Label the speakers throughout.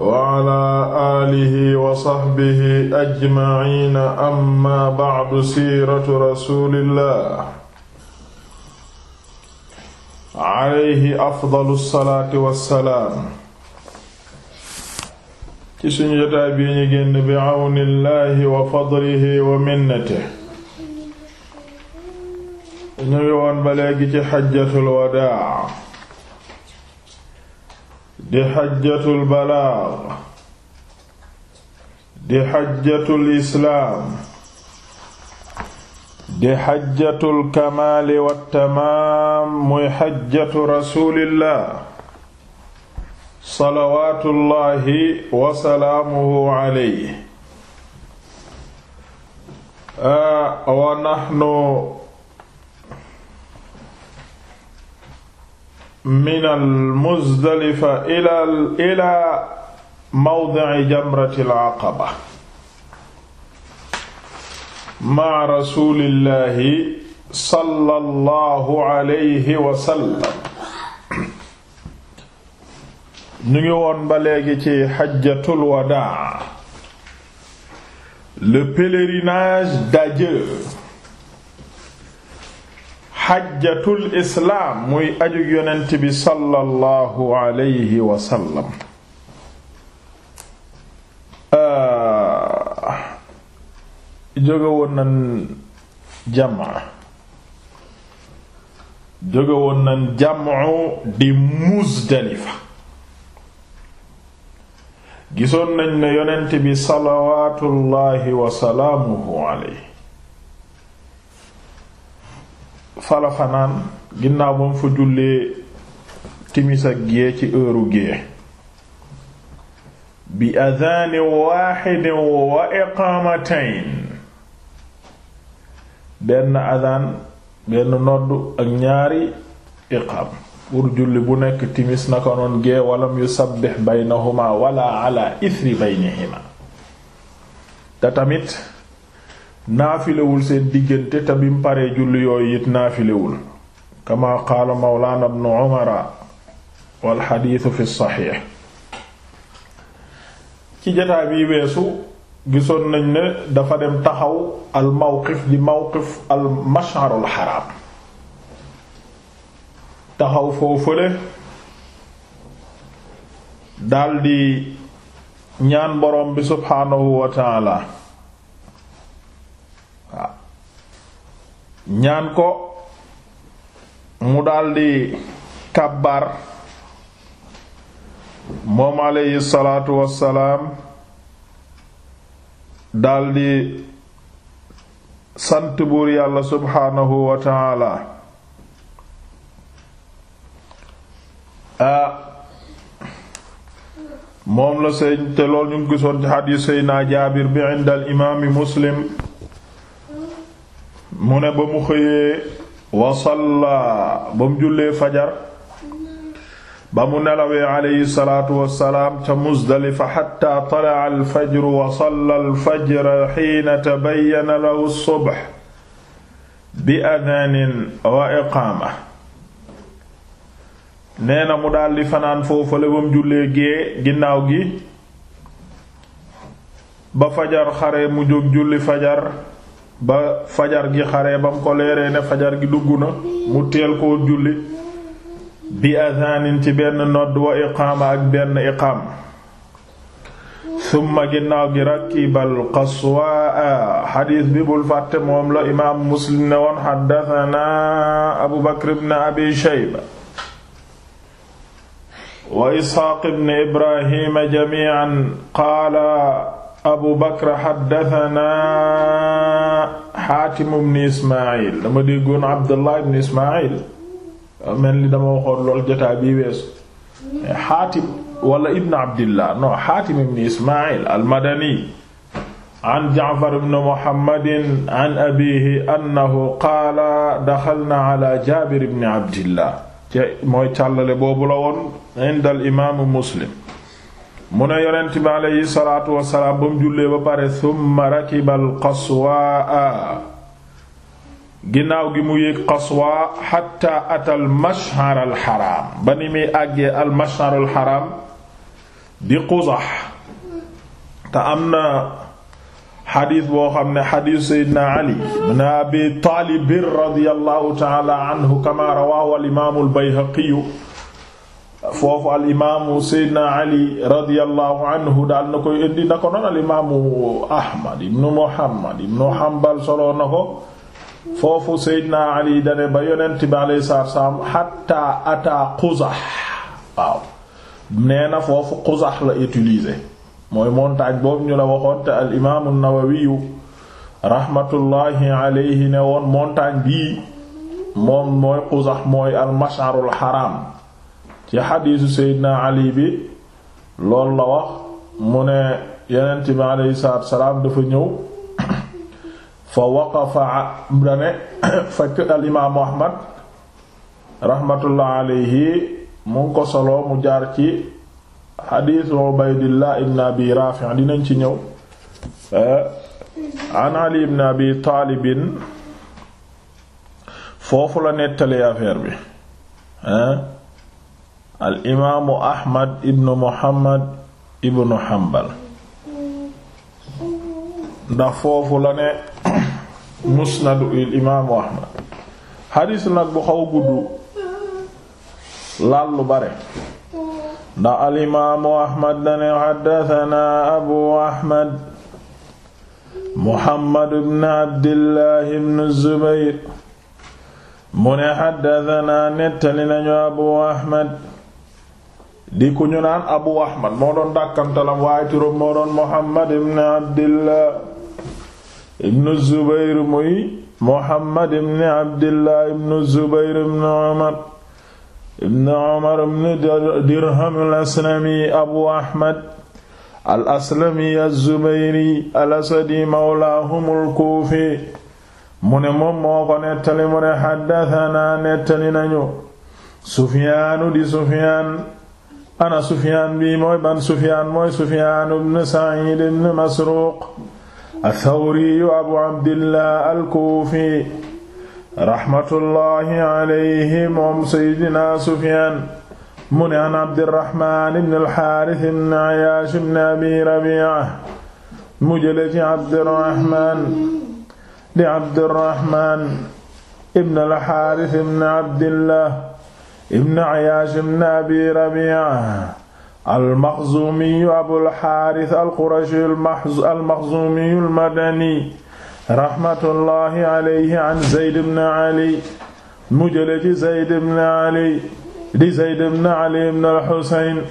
Speaker 1: waala alihi wa saxbihi ajmaina amma bacdu siiratu rasulillah alayhi afdalu salaati wassalaam ci suñu jotaay bii ñu génn bi awni llahi wa fadlihi wa minnatihi ñu ngi woon ba léegi ci xajjatul wadaa di xajjatul balaag di xajjatul islaam di xajjatul kamaali wattamaam muy xajjatu rasuulillah salawaatullahi wa salaamuhu alayhi wa nahnu minal Muzdalifa ilal ila mawdi'i jamratil aqaba ma rasulillahi sallallahu alayhi wa sallam. ñu ngi woon ba léegi ci xajjatul wadaa le pèlerinage d'adieu. xajjatul islaam muy aju yonent bi sallallahu alayhi wa sallam uh, jóge woon nañ jamaa jóge woon nañ jamaa di Muzdalifa gisoon nañ ne yonent bi salawaatullaahi alayhi fala fanaan ginnaaw ba mu jullee timis ak gée ci heure gée bi adaan waaxid wa iqaamatayn benn adaan benn nodd ak ñaari iqaam pour julli bu nekk timis naka noon gee walam yusabbih baynahuma wala ala ithri baynihima te tamit naafilewul seen diggante te bim paree julli yooyu it naafilewul kama qaala mawlaana ibn umara wal xadiisu fi saxiix ci jataa bi weesu gisoon nañ ne dafa dem taxaw al mawqif di mawqif al masharul xaraam taxaw foofule daldi ñaan borom bi subxaanahu wa waaw ñaan ko mu daldi kabar moom alayhi salaatu wassalaam daldi sant buur yàlla subhaanahu wa taala a ah, moom la sëñ te lool ñu ngi gisoon ci xadiis Seydina Jaabir bi inda al imaami Muslim mu ne ba mu xëyee wasalla ba fajar ba mu nelawee alayhi salaatu wassalaam ca Muzdalifa xatta tala'a alfajru wa salla alfajra xiina tabayyana lahu subh bi adaanin wa iqaama nee mu daldi fanaan foofale ba mu jullee ginnaaw gi ba fajar xare mu julli fajar ba fajar gi xare ba ko leeree ne fajar gi dugg mu teel koo julli bi azaanin ci benn nodd wa iqaama ak benn iqaam summa ginnaaw gi rakibal qaswaa xadiis bi bul fàtte moom la imaam muslim ne woon xaddatanaa abu bakr ibn abi shayba wa isxaaq ibn ibrahima jamiican qaala abu bakra xaddatana xaatim ibn ismail dama déggoon abdullah ibn ismail mel ni dama waxoon lool jotaay bii weesu xaatim wala ibn abdillah non xaatim ibn ismail almadani an jaafar ibn muhammadin an abihi annahu qaala daxalna ala jaabir ibn abdillah ca mooy càllale boobu la woon ind al imaamu muslim mu ne yonent bi aleyhi salaatu wasalaam ba mu jullee ba pare thumma rakiba al qaswaa ginnaaw gi mu yéeg qaswaa xatta ata al mashhar al xaraam ba ni muy àggee al mashhar al xaraam di quzax te am na xadiis boo xam ne xadiis seydina ali ibn abi taalib radiyallahu taala anhu kama rawaahu al imaam al bayhaqiyu foofu al imaamu Seydina Ali radiyallahu anhu daal na koy indi na ko noon al imaamu Ahmad ibnu Muhammad ibnu Hanbal solo na ko foofu Seydina Ali dane ba yonent bi alayhi salaatu salaam hatta ata Quzax waaw nee foofu Quzax la utilisé mooy montagne boobu ñu la waxoon te al imaamu Nawawi ne woon montagne bii moom mooy Quzax mooy al masharul ci xadiisu seydina ali bi loolu la wax mu ne yenent bi aleyhi salaatu dafa ñëw fa waqafa dane fekk al imaamu ahmad rahmatullah aleyhi mu ko soloo mu jaar ci xadiisu ubaydillah ibn abi raafi dinañ ci ñëw eh, an ali ibn abi taalibin foofu la nettali affaire bi eh? al imaamu ahmad ibnu muhammad ibnu hanbal ndax foofu la ne musnadu il imaamu ahmad xadiis nag bu xaw gudd laal bare ndax al imaamu ahmad dane xaddatanaa abu ahmad muhammad ibn abdillahi ibn zubayr mu ne xaddatanaa nettali nañu abu ahmad di ñu naan abu ahmad moo doon dàkkantalam waaye turam moo doon muhammad ibn abdillah ibn zubayr muy muhammad ibn abdillah ibn zubayr ibn umar ibn dirham aslami abu ahmad al-aslami az-zubayri al-asadi mawlaahum al-kuufi mu ne moom moo ko nettali mu ne xaddatanaa nettali nañu sufyaanu di sufyaan ana sufyaan bi mooy ban sufyaan mooy sufyaan ibn sa'iid ibn masruuq athawri abu abdillah alkuufi raxmatullahi alayhi moom seydina sufyaan mu ne an abdirahman ibn alxaaris ibn ayaash ibn abi rabiia mu jële ci abdirahman di abdirahman ibn alxaaris ibn abdillah ibn Ayyaash ibn Abi Rabi'a al-Makhzumi Abul-Haaris al-Qurashi al-Makhzumi al-Madani rahmatullahi alayhi an Zayd ibn Ali mu jële ci Zayd ibn Ali di Zayd ibn Ali ibn al-Husayn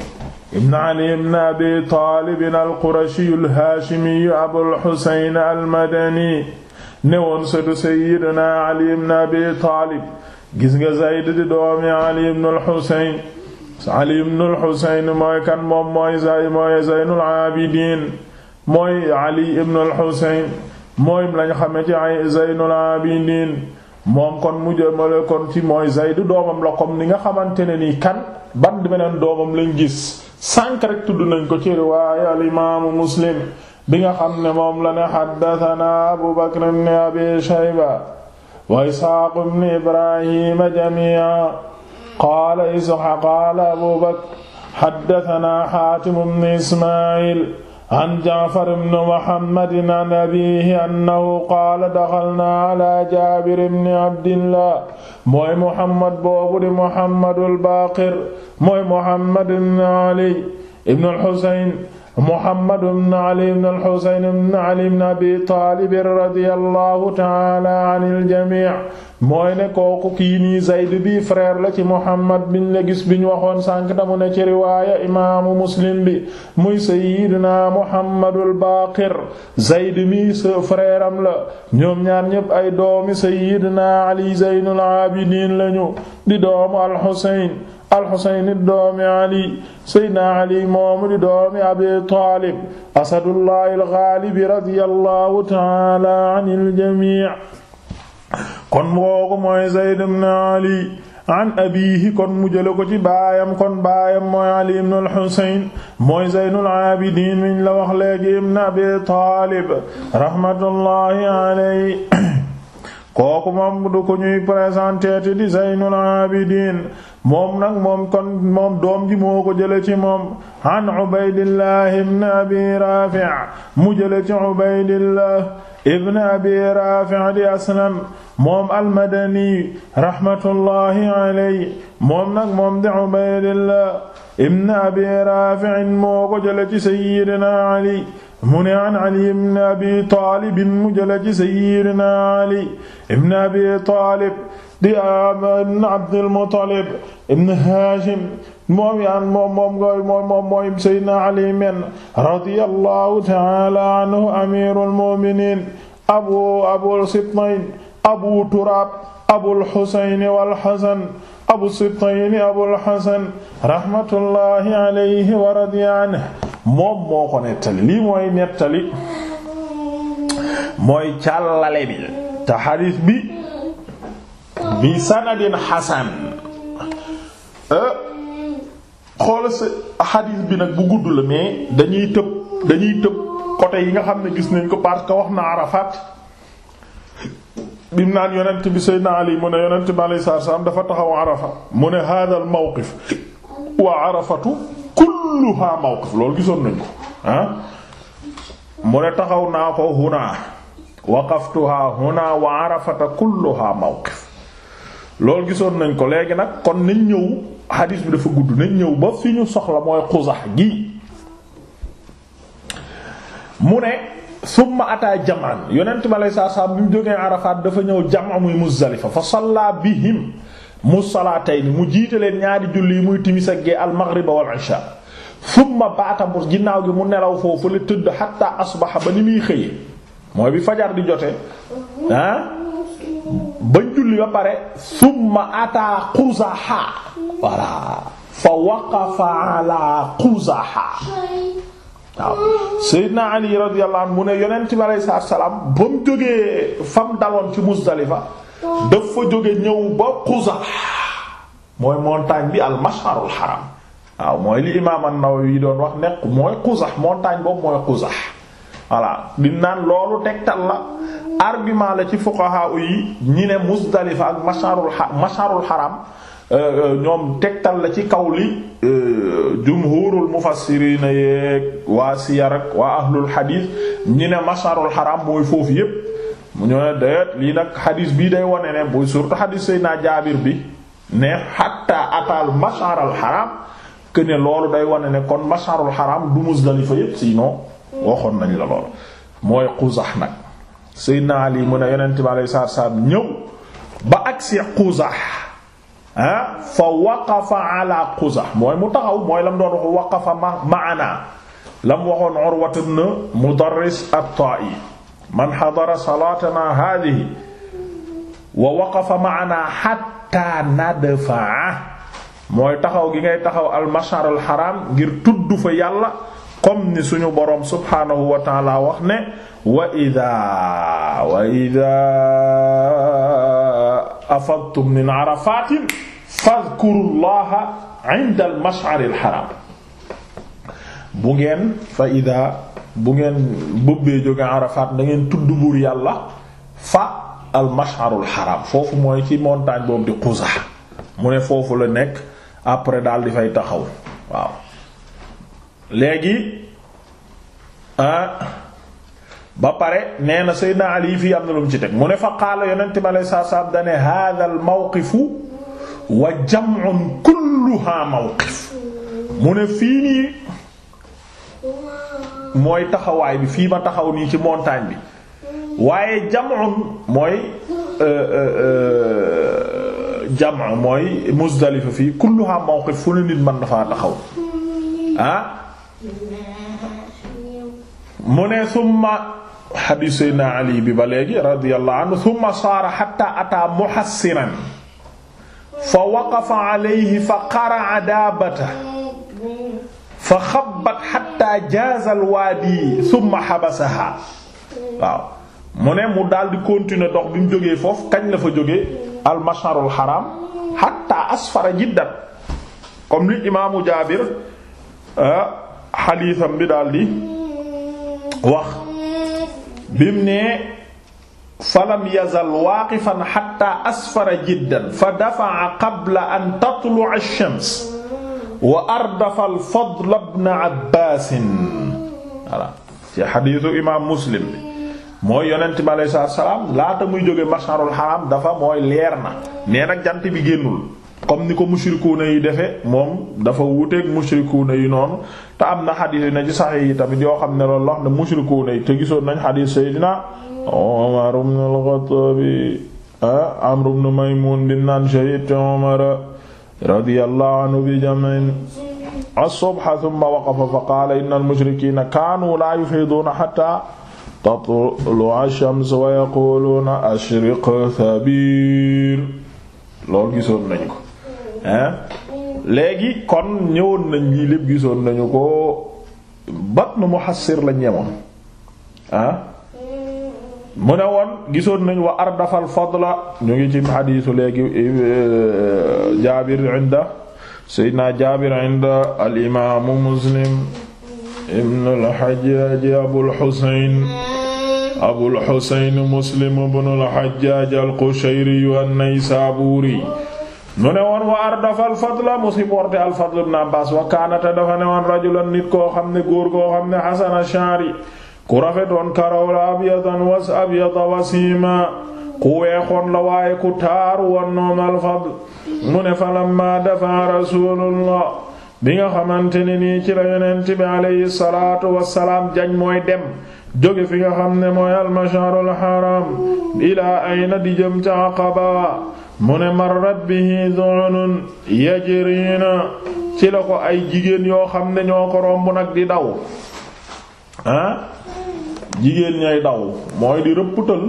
Speaker 1: ibn Ali ibn Abi Taalib al-Qurashi al-Haashimi Abul-Husayn al-Madani newoon sëtu Sayyidina Ali ibn Abi Taalib gis nga Zayd di doomi Ali ibn al-Husayn Ali ibn al-Husayn mooy kan moom mooy Zayd mooy Zaynul Abidin mooy Ali ibn al-Husayn mooy lañ xame ci Zaynul Abidin moom kon mu jëmale kon ci mooy Zayd doomam la comme ni nga xamante ne ni kan ban beneen doomam lañ gis sànq rek tudd nañ ko ci riwaaye al imaamu Muslim bi nga xam ne moom la ne Abu Bakr Abi Shayba wa isxaaq ibn ibrahima jamia qaala isxa qaala abu bakr xaddatana xaatim ibn ismail an jacfar ibn muhammadin an abihi annahu qaala daxalnaa ala jaabir ibn abdillah mooy muhammad boobu di muhammadul baaqir mooy muhammad ibn ali ibn al xusayn Muhammad ibn Ali ibn al-Husayn ibn Ali ibn Abi Taalib radiyallahu ta'ala anil jamii' mooy kooku kii Zayd bi frère la ci Muhammad biñ la biñ waxoon sànq damu ne ci riwaaya imaamu Muslim bi muy sayyidina Muhammadul Baaqir Zayd mi sa frère am la ñoom ñaar ñëpp ay doomi sayyidina Ali Zaynul Aabidiin lañu di doomu al alxusayn doomi ali saydna ali moomu di doomi abi taalib asadullahi alxaalibi radiyallahu taala anil jamii kon boogu mooy zayd ibn ali an abiihi kon mu jële ko ci baayam kon baayam mooy ali ibn al-Husayn mooy Zaynul Aabidiin miñ la wax léegi ibn Abi Taalib rahmatullahi alayhi kooku moom du ko ñuy présenté te di Zaynul Abidin moom nag moom kon moom doom ji moo ko jële ci moom an Ubaydillah ibn Abi Rafi' mu jële ci Ubaydillah ibn Abi Rafi' di Aslam moom al-Madani rahmatullahi alayhi moom nag moom di Ubaydillah ibn Abi Rafi' moo ko jële ci Sayyidina Ali mu ne an Ali ibn Abi Taalib mu jële ci sayyidina Ali ibn Abi Taalib di ibn Abdul Muttalib ibn Haashim moom yaan moom moom ngooy moom moom mooy sayyidina Ali men radiyallahu ta'ala anhu amirul mu'minin abu abul sibtayn abu Turaab abul Husayn wal Hasan abu sibtayn abul Hasan rahmatullahi alayhi wa radiya anhu moom moo ko nettali lii mooy nettali mooy càllale bi te xadiis bi bi sanadin xasan euh, xool si xadiis bi nag bu gudd la mais dañuy tëb dañuy tëb côté yi nga xam ne gis nañ ko parce que wax na Arafat bim naan yonent bi naa Ali mu ne yonent bi alayhi salaam dafa taxaw Arafa mu ne hada mawqif wa Arafatu kulluha mawqif loolu gisoon nañ ko ah. mu ne taxaw naa ko huna waqaftuha huna wa arafata kulluha mawqif loolu gisoon nañ ko léegi nag kon nañ ñëw xadiis bi dafa gudd nañ ñëw ba fi ñu soxla mooy xusax gi mu ne summa ataa jaman yonent bi alay saa salaam bi mu jógee Arafat dafa ñëw jama muy Muzdalifa fa salla bihim mu salaatayni mu jiite leen ñaari julli yi muy timis ak gee al maghriba wal isha summa baata mu ginnaaw gi mu nelaw foofu la tëdd xatta asbaxa ba ni muy xëyee mooy bi fajar di jote ah ba julli ba pare summa ataa quzaha walla fa waqafa ala quzaha waaw Seydina Ali radiyallahu anhu mu ne yonent bi alayhi salaatu salaam ba mu jógee fam daloon ci Muzdalifa dafa jóge ñëw ba Quzaah mooy montagne bi al-Mash'arul Haram waaw mooy li imaam an-Nawawi doon wax nekk mooy xusax montagne boobu mooy xusax voilà di naan loolu tegtal la argument la ci fuqaha yi ñi ne Muzdalifa ak masharul masharul haram euh, euh, ñoom tegtal la ci kaw li euh, jumhurul mufassiriin yeeg waa siyar ak waa ahlul hadith ñi ne masharul haram mooy foofu yépp mu ñoo ne lii nag hadith bii day wone ne bu surtout hadith Seydina Jaabir bi ne hatta atal masharul haram que ne loolu day wane ne kon masharul haram du Muzdalifa yépp sinon waxoon nañ la lool mooy Quzax nag Seydina Ali mu ne yonent bi alayhi salaam ñëw ba agsi Quzax ah fa waqafa ala Quzax mooy mu taxaw mooy la mu doon wax waqafa ma'ana la mu waxoon Urwa ibn Mudarris at-Ta'i man hadara salatana hadhihi wa waqafa ma'ana hatta nadfa'a mooy taxaw gi ngay taxaw al mashar ngir tudd fa yàlla comme ni suñu boroom subhaanahu wa taala wax ne wa ida wa ida afadtum min arafatin bu ngeen fa ida bu da ngeen tudd yàlla fa al mashar foofu mooy ci montagne boobu di Quza mu ne foofu la nekk après daal di fay taxaw waaw léegi ah, ba pare neena na Seydina Ali fii am na lu mu ci teg mu ne fa qaala yonente bi alei satu salaam dane hada al mawqifu wa jam'un kulluha mawqif mu ne fii nii mooy taxawaay bi fii ma taxaw nii ci montagne bi waaye jam'un mooy euh, euh, euh, jama mooy Muzdalifa fii kulluha mawqif fu ne nit mën na faa taxaw ah mu ne summa xadiis Seydina Ali bi ba léegi radiyallahu anhu summa saara xatta ataa muhassiran fa waqafa alayhi fa qara'a daabatahu fa xabat xatta jaazal waadi summa waaw mu ne mu daal di continuer dox bi mu jógee foofu kañ la fa jógee al masharul haram hatta asfara jiddan comme li imaamu jaabir ah, xadiisam bi daal di wax bim ne falam yazal waaqifan hatta asfara jiddan fa dafa'a qabla an tatlu'a ash-shams wa ardafa al-fadl ibn abbaas voilà ci xadiisu imaam muslim bi mooy yonent bi aleyhi salaatu salaam laata muy jóge masharul haram dafa mooy leer na nee nag jant bi génnul comme ni ko mushrikuuna yi defe moom dafa wuteeg mushrikuuna yi noonu te am na xadiis yi na ci sax yi tamit yoo xam ne lool wax ne mushrikuuna yi te gisoon nañ xadiis Seydina Umar ibn al-Khattab ah, Amr Maymun bi naan shahidtu Umar radiyallahu bi jam'in as-subha thumma waqafa fa qaala inna al-mushrikina kaanu la yufiduuna hatta tatlu'a shams wa yaquluuna ashriq thabir loolu gisoon nañu ko léegi kon ñëwoon nañ lii lépp nañu ko batnu muhassir lañ yemoon ah mu ne woon gisoon nañ wa ardafal fadla ñu ngi ci xadiisu léegi eh, jaabir inda seydina jaabir inda al imaamu muslim ibn al hajjaj abul husayn abul xusayn muslim bnu alxajjaaj alqushayriyu annaysaabuuri mu ne wa ardafa alfadla mu supporté alfadl ibn abbas wa kaanate dafa rajulan nit koo xam ne góor koo xam ne xasana shaari ku rafetoon karaw abyadan was abyada wasiima ku weexoon la waaye ku taaru woon alfadl mu ne falamma dafa rasulullah bi nga xamante nii ci la yonent bi alayhi salaatu wasalaam jañ mooy dem jóge fi nga xam ne mooy almasharul haram ilaa ayna di jëm ca Aqaba mu ne marrat bihi zu'lun yajrina ci la ko ay jigéen yoo xam ne ñoo ko romb nag di daw ah jigéen ñay daw mooy di rëpputal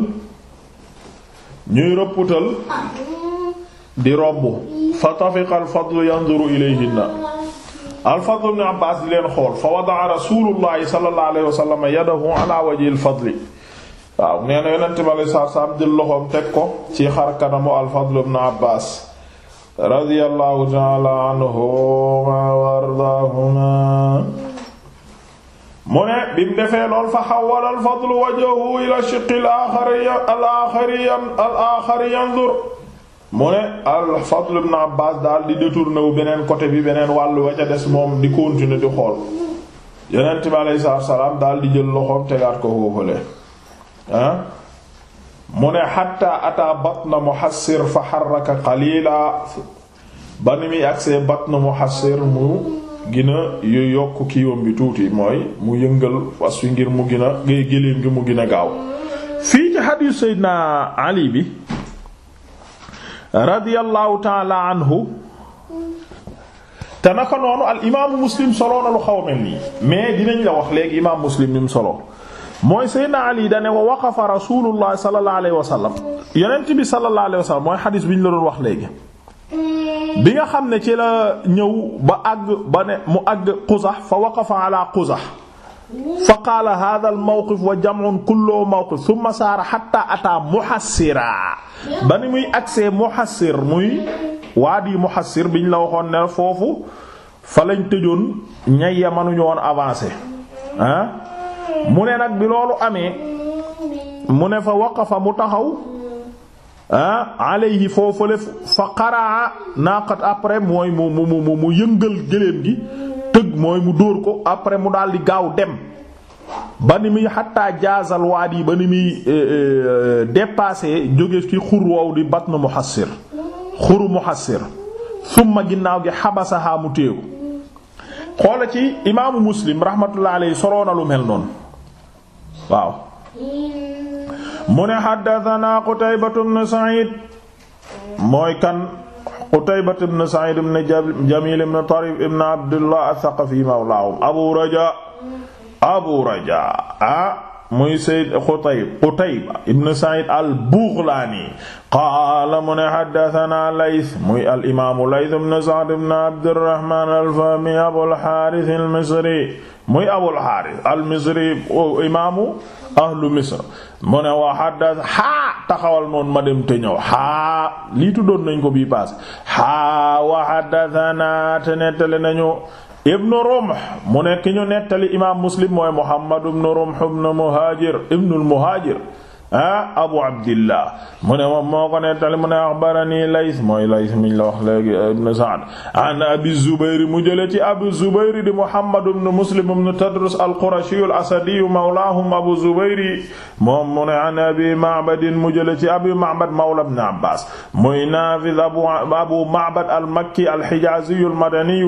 Speaker 1: ñuy rëpputal di romb fa tafiqa al fadlu yanzuru ilayhinna al-Fadl ibn Abbas di leen xool fa wada'a rasulullahi sallallahu alayhi wa sallam yadahu ala wajhi al-Fadl waaw nee na yonent bi alayhi salaatu salaam jël loxoom teg ko ci xar kanamu al-Fadl ibn Abbas radiyallahu ta'ala anhuma wa ardaahuma mu ne bi mu defee lool fa xawwala al-Fadl wajhahu ila shiqqi al-aaxari al-aaxari al-aaxari yanzur mu ne al Fadl ibn Abbas daal di détourné wu beneen côté bi beneen wàll wa ca des moom di continuer di xool yonent bi aleyhi salaatu salaam daal di jël loxoom tegaat ko foofule ah mu ne hatta ata batna Muhassir fa harraka qalila ba ni muy agsee batna Muhassir mu gina yu yokk kiiwam bi tuuti mooy mu yëngal fas wi ngir mu gina géléem gi mu gina gaaw fii ci hadiis Seydina Ali bi radiyallahu taala anhu te naka noonu al imaamu muslim solo na lu xaw mel nii mais dinañ la wax léegi imaamu muslim ni mu solo mooy Seydina Ali da ne wa waqafa rasulullah sallallahu alayhi wa sallam yonent bi sallallahu alayhi wa sallam mooy xadis bi ñu la doon wax léegi. bi nga xam ne ci la ñëw ba àgg ba ne mu àgg Qusax fa waqafa ala Qusax fa qaala hadha al wa jam'un kullu mawqif thumma saara hatta ata muhassira ba ni muy agsee muhassir muy waadi muhassir biñ la waxoon ne foofu fa lañ tëjoon ñay ya mënuñu woon avancer ah? mu ne nag bi loolu amee mu ne fa waqafa mu taxaw ah alayhi foofu fa qaraa naqat après mooy mu mu mu mu yëngal gëléem gi tëgg mooy mu dóor ko après mu daal di gaaw dem ba ni muy xattaa jaazal waad yi ba ni muy euh, euh, dépassé jóge ci xur woow di batnu muhassir xuru muhassir summa ginnaaw gi xabasaha mu téeku xoola ci imaamu muslim rahmatullah alayhi soroona mel noonu waaw mu ne xaddatanaa Qutaybatu ibn Sa'id mooy kan Qutayba ibn Sa'id ibn Jamil ibn Tarif ibn Abdullah ath-Thaqafi mawlahum Abu Raja Abu Raja ah muy Sayyid Qutayb Qutayba ibn Sa'id al-Baghlani qaala mu ne haddathana Layth muy al-imam Layth ibn Sa'd ibn Abdurrahman al-Fahmi Abul Harith al-Misri muy Abul Harith al-Misri imaamu ahlu misr mu ne wa haddatha taxawal noonu ma dem te ñëw xaa lii tuddoon nañ ko bii paase xaa wa te nettali nañu ibnu rumh mu nekk ñu nettali imaam muslim mooy muhammad ibnu rumh ibnu muhaajir ibnu muhaajir ah abu abdillah mu ne moom moo ko nettali mu ne axbarani lays mooy lays miñ la wax léegi ibn saad an abi zubayr mu jële ci abu zubayr di muhammad ibn muslim ibn tadrus al-qurashi al-asadi mawlaahum abu zubayr moom mu ne an abi ma'bad mu jële ci abi ma'bad mawla ibn abbas muy nafiz abu abu ma'bad al-makki al-hijazi al-madani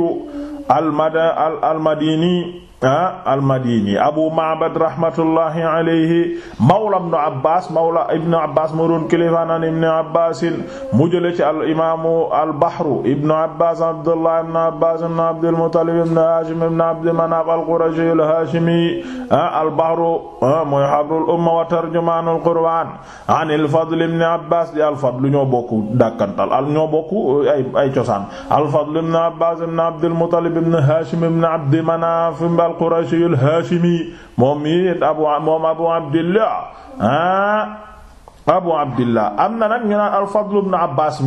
Speaker 1: al-madini ah almadini abu ma'bad rahmatullahi alayhi mawla ibn abbas mawla ibn abbas moo doon kilifaan ibn abbas mu jële ci al imaamu al bahru ibn abbas abdullah ibn abbas ibn abdul muttalib ibn hashim ibn abd manaf al qurashi al hashimi al bahru mooy habrul umma wa tarjumanul qur'an an al fadl ibn abbas di al fadl ñoo bokk dàkkantal al ñoo bokk ay ay cosaan al fadl ibn abbas ibn abdul muttalib ibn hashim ibn abd manaf al-Qurashi al-Hashimi moom it abu moom abu abdillah ah abu abdillah am na nag ñu naan al-Fadl ibn Abbas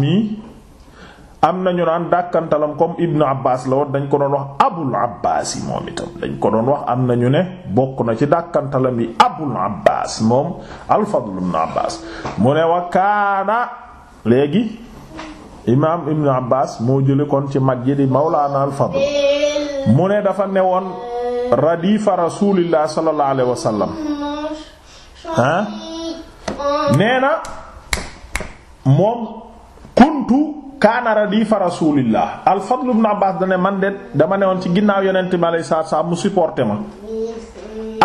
Speaker 1: am na ñu naan dàkkantalam comme ibnu Abbas la woon dañ ko doon wax abul Abbas yi moom itam dañ ko doon wax am na ñu ne bokk na ci dàkkantalam yi abul Abbas moom al-Fadl ibn mu ne wa léegi imaam ibnu Abbas moo jële kon ci mag yi di mawlaana al-Fadl mu ne dafa newoon radifa rasulillah sallallahu alayhi wa sallam
Speaker 2: ah nee
Speaker 1: na moom kuntu kaana radifa rasulillah al fadl ibn dane man de dama newoon ci ginnaaw yonente bi alayhi salaam mu supporté ma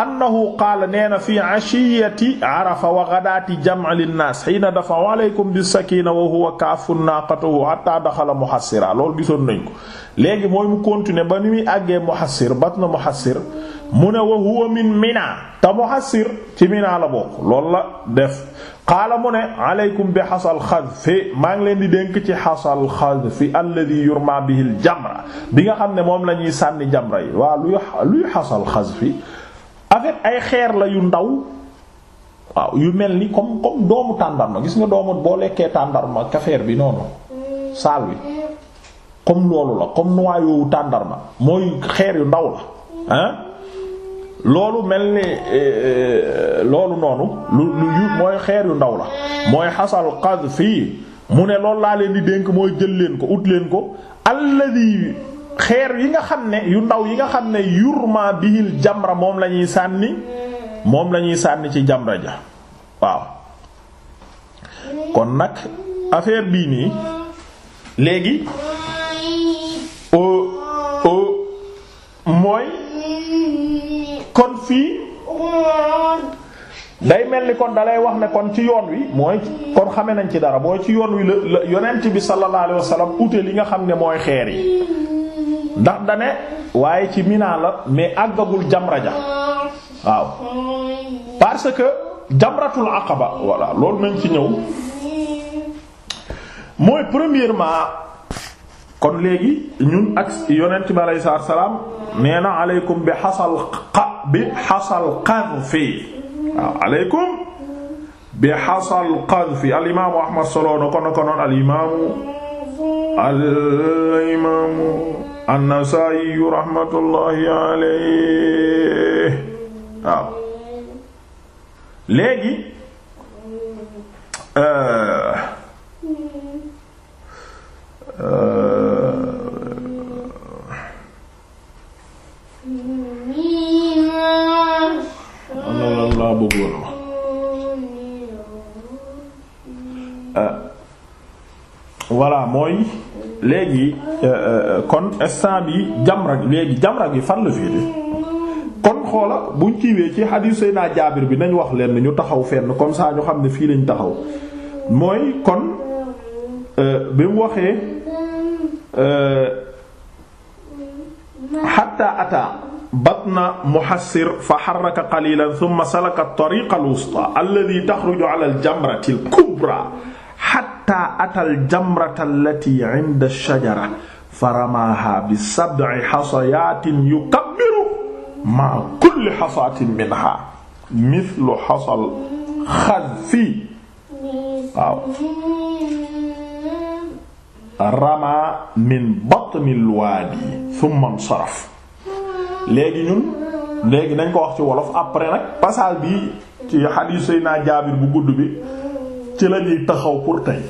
Speaker 1: annahu qaala nee na fi ashiyati arafa wa ghadaati jam'i linnaas hiina dafa alaykum bis sakiina wa huwa kaafu naaqatahu hatta daxala muhassira loolu gisoon nañ ko léegi mooy mu continuer ba ni muy àggee muhassir batna muhassir mu ne wa huwa min mina te muhassir ci mina la bokk loolu la def qaala mu ne aleykum bi xasal xadfi maa ngi leen di dénk ci xasal xadfi fi yurma bihi al jamra bi xam ne moom la sànni jamra yi waaw luy luy xasal ay xeer la yu ndaw waaw yu mel ni comme comme doomu tàndarma gis nga doomu boo lekkee tàndarma kafeer bi noonu saal wi comme loolu la comme noyau wu tàndarma mooy xeer yu ndaw la loolu mel ni eh, eh, loolu noonu lu lu mooy xeer yu ndaw la mooy xasal fii mu ne loolu laa leen di dénk mooy jël leen ko ut leen ko alladi xeer yi nga xam ne yu ndaw yi nga xam ne yurma bihil jamra moom lañuy sànni moom lañuy sànni ci jamra ja waaw kon nag affaire bii nii léegi mooy kon fii day mel ni kon dalay wax ne kon ci yoon wi mooy kon xame nañ ci dara mooy ci yoon wi la yonent bi sallallahu alayhi wasallam ute li nga xam ne mooy xeer yi ndax dane waaye ci Mina la mais àggagul jamra ja waaw parce que jamratul aqaba voilà loolu nañ ci ñëw mooy premièrement kon léegi ñun ak yonent bi aleyhi salaatu salaam nee na bi xasal qa qadfi waaw aleykum bi xasal qadfi al imaamu al al imaamu an-Nasaa'i rahmatullahi aleyhi waaw euh,
Speaker 2: euh, laa
Speaker 1: euh, voilà mooy léegi euh, euh, kon instant bi jamra léegi jamra gi fan la féete kon xoola buñ kiiwee ci xadiis Seydina Jaabir bi nañ wax leen ñu taxaw fenn kon saa ñu xam ne fii lañ taxaw mooy kon bi mu waxee xatta ata batna muhassir fa harraka qalilan thumma salaka at-tariqa al-wusta alladhi takhruju ala al-jamrati al-kubra hatta ata al-jamrata allati 'inda ash-shajara faramaaha bi sab'i hasayatin yukabbiru ma'a kulli hasatin minha mithlu hasal khadfi waaw rama min batni al-wadi thumma insaraf léegi ñun léegi nañ ko wax ci wolof après nag passage bi ci hadith naa Jaabir bu gudd bi ci la ñuy taxaw pour tey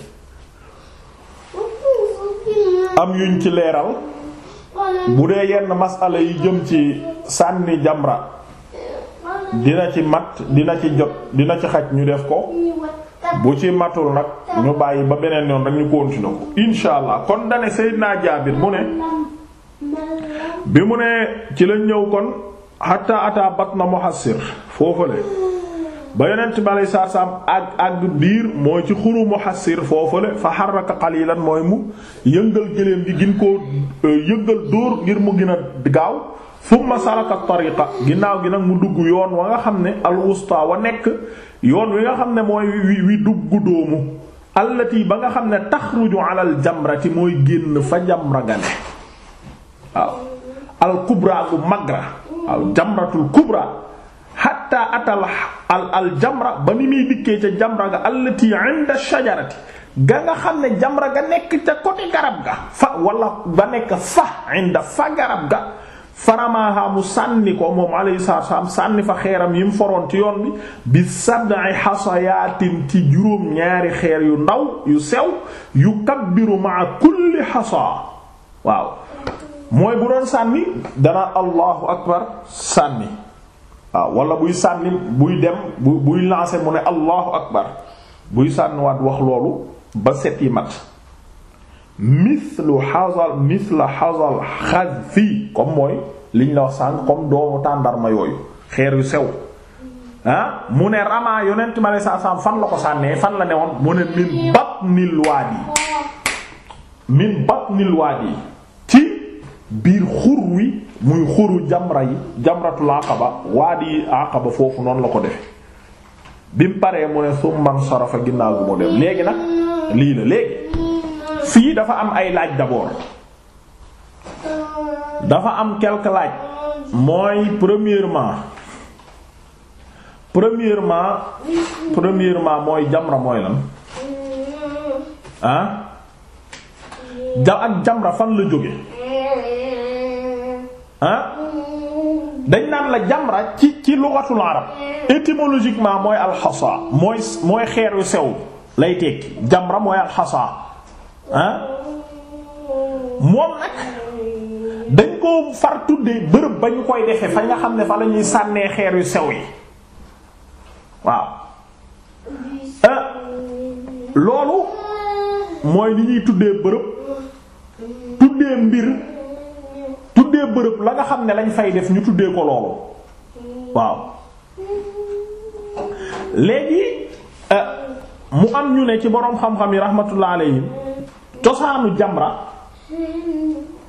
Speaker 1: am yuñ ci leeral bu dee yenn masala yi jëm ci sànni jamra dina ci mat dina ci jot dina ci xaj ñu def ko bu ci matul nag ñu bàyyi ba beneen yoon rek ñu continuer ko insha allah kon dane naa Jaabir mu ne bi mu ne ci lañ ñëw kon hatta ata batna muhassir foofale ba yonent bi alay saa saam biir mooy ci xuru muhassir foofale fa xaraka qalilan mooy mu yëngal gëléem gi gin koo euh, yëngal dóor ngir mu gën a gaaw thumma saraka tariqa ginnaaw gi nag mu dugg yoon wa nga xam ne al wusta wa nekk yoon wi nga xam ne mooy wi dugg doomu allati ba nga xam ne taxruju alal jamrati mooy génn fa jamra gane waaw al kubra bu magra al jamratul kubra hatta atal al al jamra ba ni muy dikkee ca jamra ga allati inda shajarati nga xam ne jamra ga nekk ca côté garab ga fa wala ba nekk fa fa garab ga faramaaha sànni ko moom alayhi salaam sànni fa xeeram yi mu foroon ci yoon bi bi sab'i xasayaatin ci juróom ñaari xeer yu ndaw yu sew yu kabbiru ma kulli xasa waaw mooy bu doon sànni dana allahu akbar sànni waaw ah, wala buy sànni buy dem bu buy lancer mu ne allahu akbar buy sànniwaat wax loolu ba set yi mat mithlu hazal mithla hazal xazfi comme mooy liñ la wax sànq comme doomu tàndarma yooyu xeer yu sew ah, mu ne rama yonent ma ne saa fan la ko sànnee fan la ne woon mu ne min batnil yi min batnil waadi biir xur wi muy xuru jamra yi jamratul aqaba waadi aqaba foofu noonu la ko defe bi mu paree mu ne summan sarafa ginnaaw bi mu dem léegi nag
Speaker 2: lii la léegi fii
Speaker 1: dafa am ay laaj d'abord dafa am quelques laaj mooy premièrement premièrement premièrement mooy jamra mooy lan ak jamra fan la jóge
Speaker 2: dañ naan la jamra
Speaker 1: ci ci lugatul arab étymologiquement mooy alxasa mooy mooy yu sew lay tekki jamra mooy alxasa ah moom nag dañ koo far tuddee bërëb ba ñu koy defee fa nga xam ne fa lañuy sànnee xeer yu sew yi waaw loolu mooy li ñuy tuddee bërëb tuddee mbir tuddee bërëb la nga xam ne lañ fay def ñu tuddee ko loolu waaw léegi euh, mu am ñu ne ci boroom xam-xam yi rahmatullah alayhim cosaanu jamra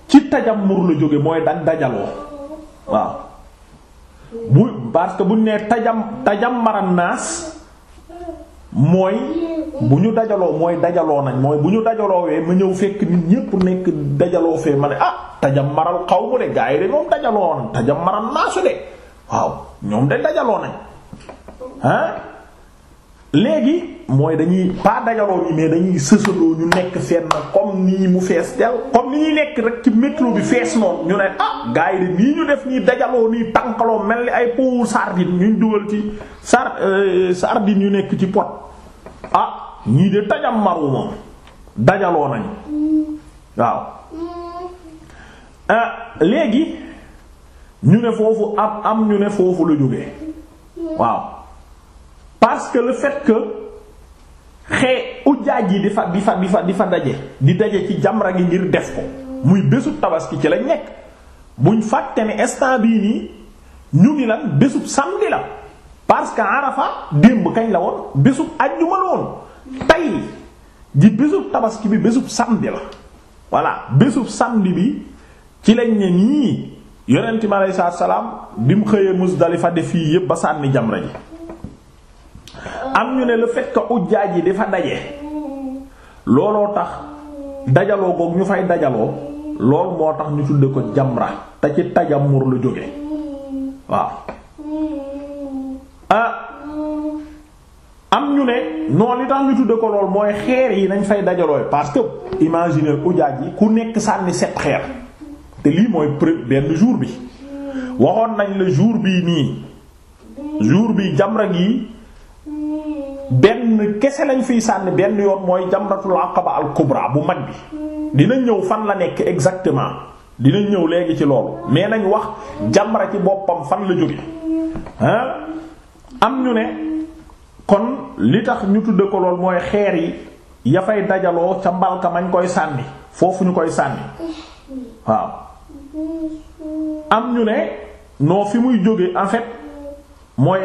Speaker 1: ci tajammur la jóge mooy daj dajaloo waaw bu parce que buñ ne tajam tajammaran naas mooy bu ñu dajaloo mooy dajaloo nañ mooy bu ñu dajaloo wee ma ñëw fekk nit ñépp nekk dajaloo fee ma ne ah tajam maral xaw mu de gaa yi de moom dajaloo nañ tajam maral naasu de waaw ñoom de dajaloo nañ ah léegi mooy dañuy pas dajaloo nii mais dañuy sësaloo ñu nekk fenn comme nii mu fees del comme ni ñu nekk rek ci métro bi fees noonu ñu ne ah gars yi nii ñu def nii dajaloo nii tànkaloo mel ni ay pou sardine ñu dugal ci sar euh, sardine ñu nekk ci pot ah ñii de tajam maru moom dajaloo
Speaker 2: nañu
Speaker 1: waaw ah, léegi ñu ne foofu am am ñu ne foofu la jógee waaw parce que le xee ujaaj yi di fa di fa di fa di fa daje di daje ci jamra gi ngir def ko muy bésu tabaski ci lañ nekk buñ fàtte ne instant bii nii ñu ngi lan bésub samedi la parce que arafa démb kañ la woon bésub ajjuma la woon tey di bésub tabaski bi bésub samedi la voilà bésub samedi bi ci lañ ne nii yonent mi salaam bi mu xëyee Muzdalifa def fii yépp ba sànni jamra ji am ñu ne le fait que ujjaaj yi di fa daje looloo tax dajaloo googu ñu fay dajaloo lool moo tax ñu tudd ko jamra te ci tajamur lu jóge waaw
Speaker 2: ah, am ñu ne
Speaker 1: noonu li tax ñu tudde ko lool mooy xeer yi nañ fay dajalooy parce que imaginer ujjaaj yi ku nekk sànni set xeer te lii mooy preuve benn jour bi waxoon nañ la jour bii nii jour bi jamra gii benn kese lañ fiy sànni benn yoon mooy jamratul aqaba al kubra bu mag bi dinañ ñëw fan la nekk exactement dinañ ñëw léegi ci loolu mais nañu wax jamra ci boppam fan la jóge am ñu ne kon li tax ñu tudde ko lool mooy xeer yi yafay fay dajaloo ca mbalka mañ koy sànni foofu ñu koy sànni waaw am ñu ne non fi muy jóge en fait mooy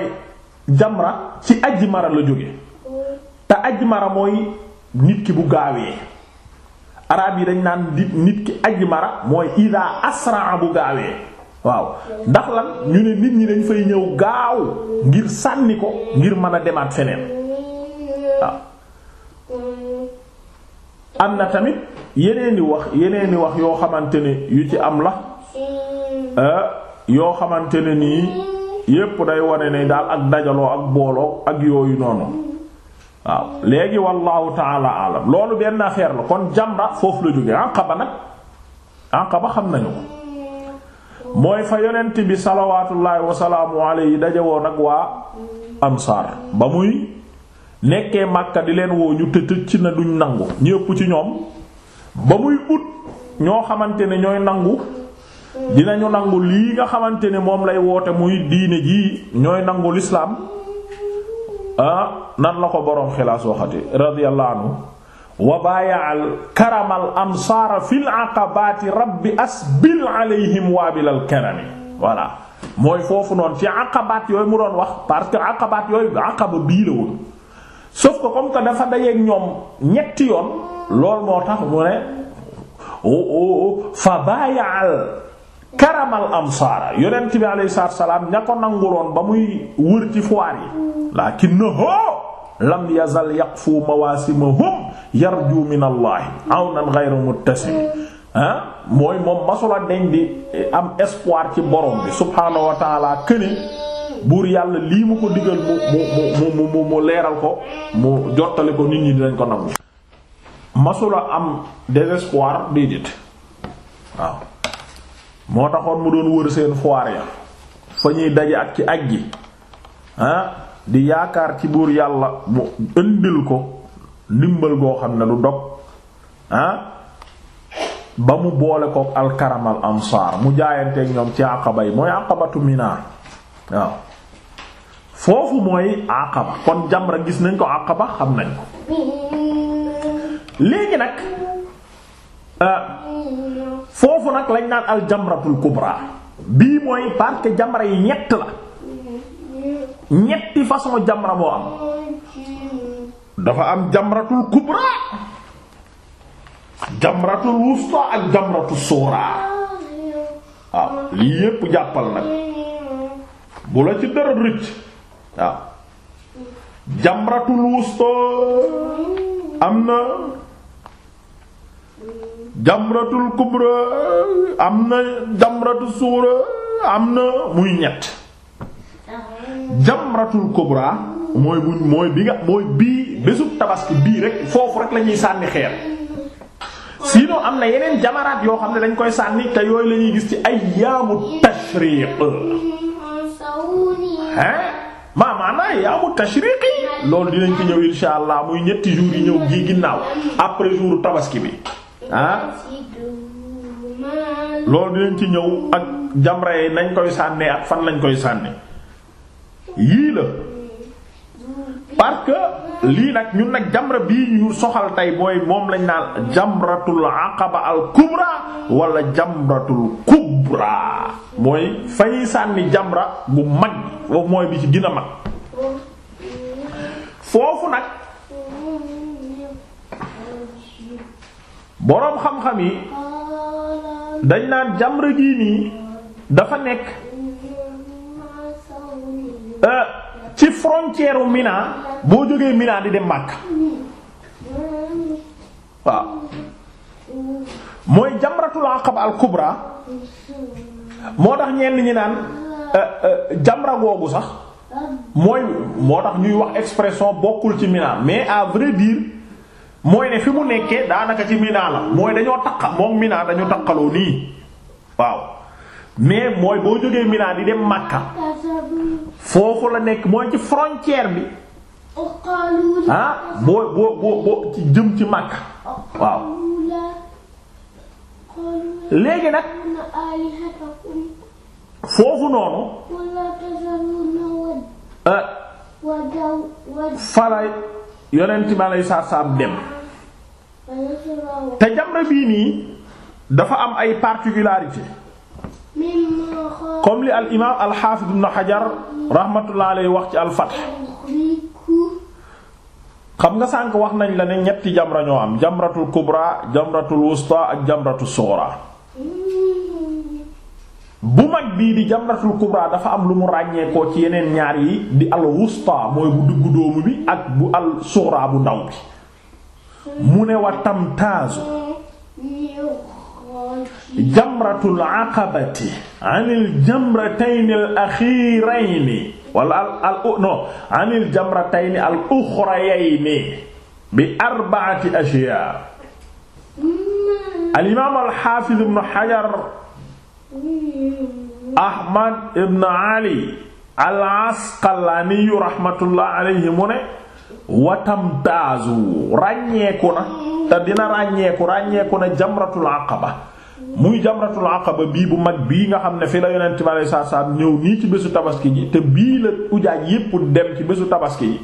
Speaker 1: jamra ci ajmara la jóge te ajmara mooy nit ki bu gaawee arab yi dañ naan nit ki ajmara mooy ida asraa bu gaawee waaw ndax lan ñu ne nit ñi dañ fay ñëw gaaw ngir sànni ko ngir mën a demaat feneen waaw am na tamit yeneeni wax yeneeni wax yoo xamante ne yu ci am la euh, yoo xamante ne nii yépp day wone ne daal ak dajaloo ak mbooloo ak yooyu noonu waaw léegi wallahu taala alam loolu benn affaire la kon jamra foofu la jóge àqaba nag ba xam nañu ko mooy fa yonent bi salawaatullaahi wasalaamu alayhi dajawoon nag waa ansaar ba muy nekkee màkka di leen woo ñu tëj ci na duñ nangu ñépp ci ñoom ba muy ut ñoo xamante ne ñooy nangu dinañu nangu lii nga xamante ne moom lay woote muy diine jii ñooy nangu lislaam ah, nan la ko boroom xilaas waxati radiyallahu anhu wa baayaal karamal ansaara fil aqabaati rabbi asbil alayhim waabilal karami voilà mooy foofu noonu ci aqabaat yooyu mu doon wax parce que aqabaat yooyu aqaba bii la woon sauf que comme que dafa dajeek ñoom ñetti yoon loolu moo tax mu ne fa baayaal karamal ansaara yonent bi alayhi salaam ña ko nanguloon ba muy wër ci foire yi lakinnahu lam yazal yaqfu mawaasimahum yarju min allahi awnan ghayra muttasimi ah mooy moom masula deñ di am espoir ci borom bi subhaanahu wa këni buur yàlla lii mu ko digal mu mu mu mu mu leeral ko mu jottali ko nit ñi dinañ ko nangu masula am désespoir déedéet waaw moo taxoon mu doon wër seen foire ya fa ñuy daje ak ci aj gi ah, di yaakaar ci buur yàlla mu indil ko ndimbal goo xam ne du dog ah, ba mu boole ko alkaramal ansaar mu jaayanteeg ñoom ci àqaba yi mooy àqabatu Mina waaw foofu mooy àqaba kon Jamra gis nañ ko àqaba xam nañ ko léegi nag ah, foofu nag lañ naan al jamratul kubra bii mooy parce que yi ñett la ñetti façon jamra boo am dafa am jamratul kubra jamratul wusta ak jamratul suura waaw lii yépp jàppal nag bu la ci dara rëcc waaw jamratul wusta am na jamratul kubra am na jamratu suura am na muy ñett jamratul kubra mooy bu mooy bi nga mooy bii bésub tabaski bii rek foofu rek la sànni xeer sinon am na yeneen jamaraat yoo xam ne dañ koy sànni te yooyu lañuy gis ci ayyaamu tashriq hein maa maanaa ayyaamu tashriq yi loolu dinañ ko ñëw insha allah muy ñetti jours yi ñëw gi ginnaaw après jouru tabaski bi ah loolu dinañ ci ñëw ak jamra yi nañ koy sànnee ak fan lañ koy sànne yii la parce que lii nag ñu nag jamra bi ñu soxal tey mooy moom lañ naan jamratul aqaba al kubra wala jamratul kubra mooy fay sànni jamra bu mag foofu mooy bi ci dina a mag foofu nag boroom xam-xam yi
Speaker 2: dañ naan jamra
Speaker 1: gii nii dafa nekk euh, ci frontière u Mina boo jógee Mina di dem Makka waaw mooy jamratul aqaba al kubra moo tax ñenn ñi naan euh, euh, jamra googu sax mooy moo tax ñuy wax expression bokkul ci Mina mais à vrai mooy ne fi mu nekkee daanaka ci Mina la mooy dañoo takka moom Mina dañu takkaloo nii waaw mais mooy boo jógee Mina di dem Makka foofu la nekk mooy ci frontière bi ah boo boo boo boo ci jëm ci Makka waaw léegi nag foofu noonu
Speaker 2: euh,
Speaker 1: fala yonent bi aleyhi salaam dem te jamra bii nii dafa am ay particularité comme li al imaam al xaafid ibn Hajar rahmatullah alayhi wax ci al xam nga sànq wax nañ la ne ñetti jamra ñoo am jamratul kubra jamratul wusta ak jamratul soora bu mag bii di jamratul kubra dafa am lu mu ràññee ci yeneen ñaar yi di al wusta mooy bu diggu dóomu bi ak bu al sughra bu ndaw bi mu ne wa tamtaazu
Speaker 2: jamratul
Speaker 1: aqabati anil jamratayni al axirayni wala al al no anil jamratayni al uxrayayni bi arbaati ashyaa al imaam al xaafiz ibn Hajar Ahmad ibn Ali al Asqalaani rahmatullah alayhi mu ne watam taazu ràññeeku na te dina ràññeeku ràññeeku na jamratul aqaba muy jamratul aqaba bii bu mag bii nga xam ne fi la yonent bi aleyhi salaatu ñëw nii ci bésu tabaski ji te bii la ujaaj yépp dem ci bésu tabaski ji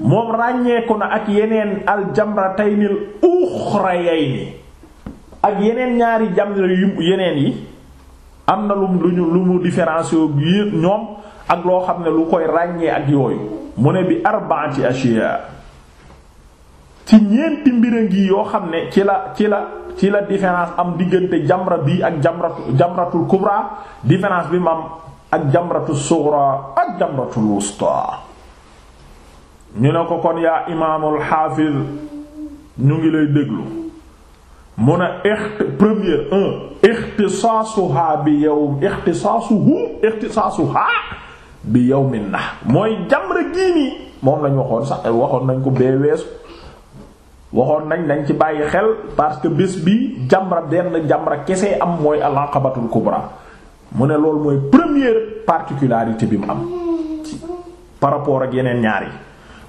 Speaker 1: moom ràññeeku na ak yeneen aljamrataynil uxrayayni ak yeneen ñaari jamra yu yeneen yi am na lu lu mu différencier bi ñoom ak loo xam ne lu koy ràññee ak yooyu mu ne bi arbaati ashiya ci ñeenti mbir ngi yoo xam ne ci la ci la ci la différence am diggante jamra bii ak jamratu jamratul kubra différence bi mam ak jamratu sughra ak jamratul wusta ñu ne ko kon yaa imaamul xaafiz ñu ngi lay déglu mu ne ixt première un ixtisaasuha bi yawm ixtisaasuhu ixtisaasuha bi yow yawmin na mooy jamra gii nii moom lañ waxoon sax waxoon nañ ko bee weesu waxoon nañ nañ ci bàyyi xel parce que bés bi jamra benn jamra kese am mooy al-aqabatul kubra mu ne loolu mooy première particularité bi mu am ci par rapport ak yeneen ñaar yi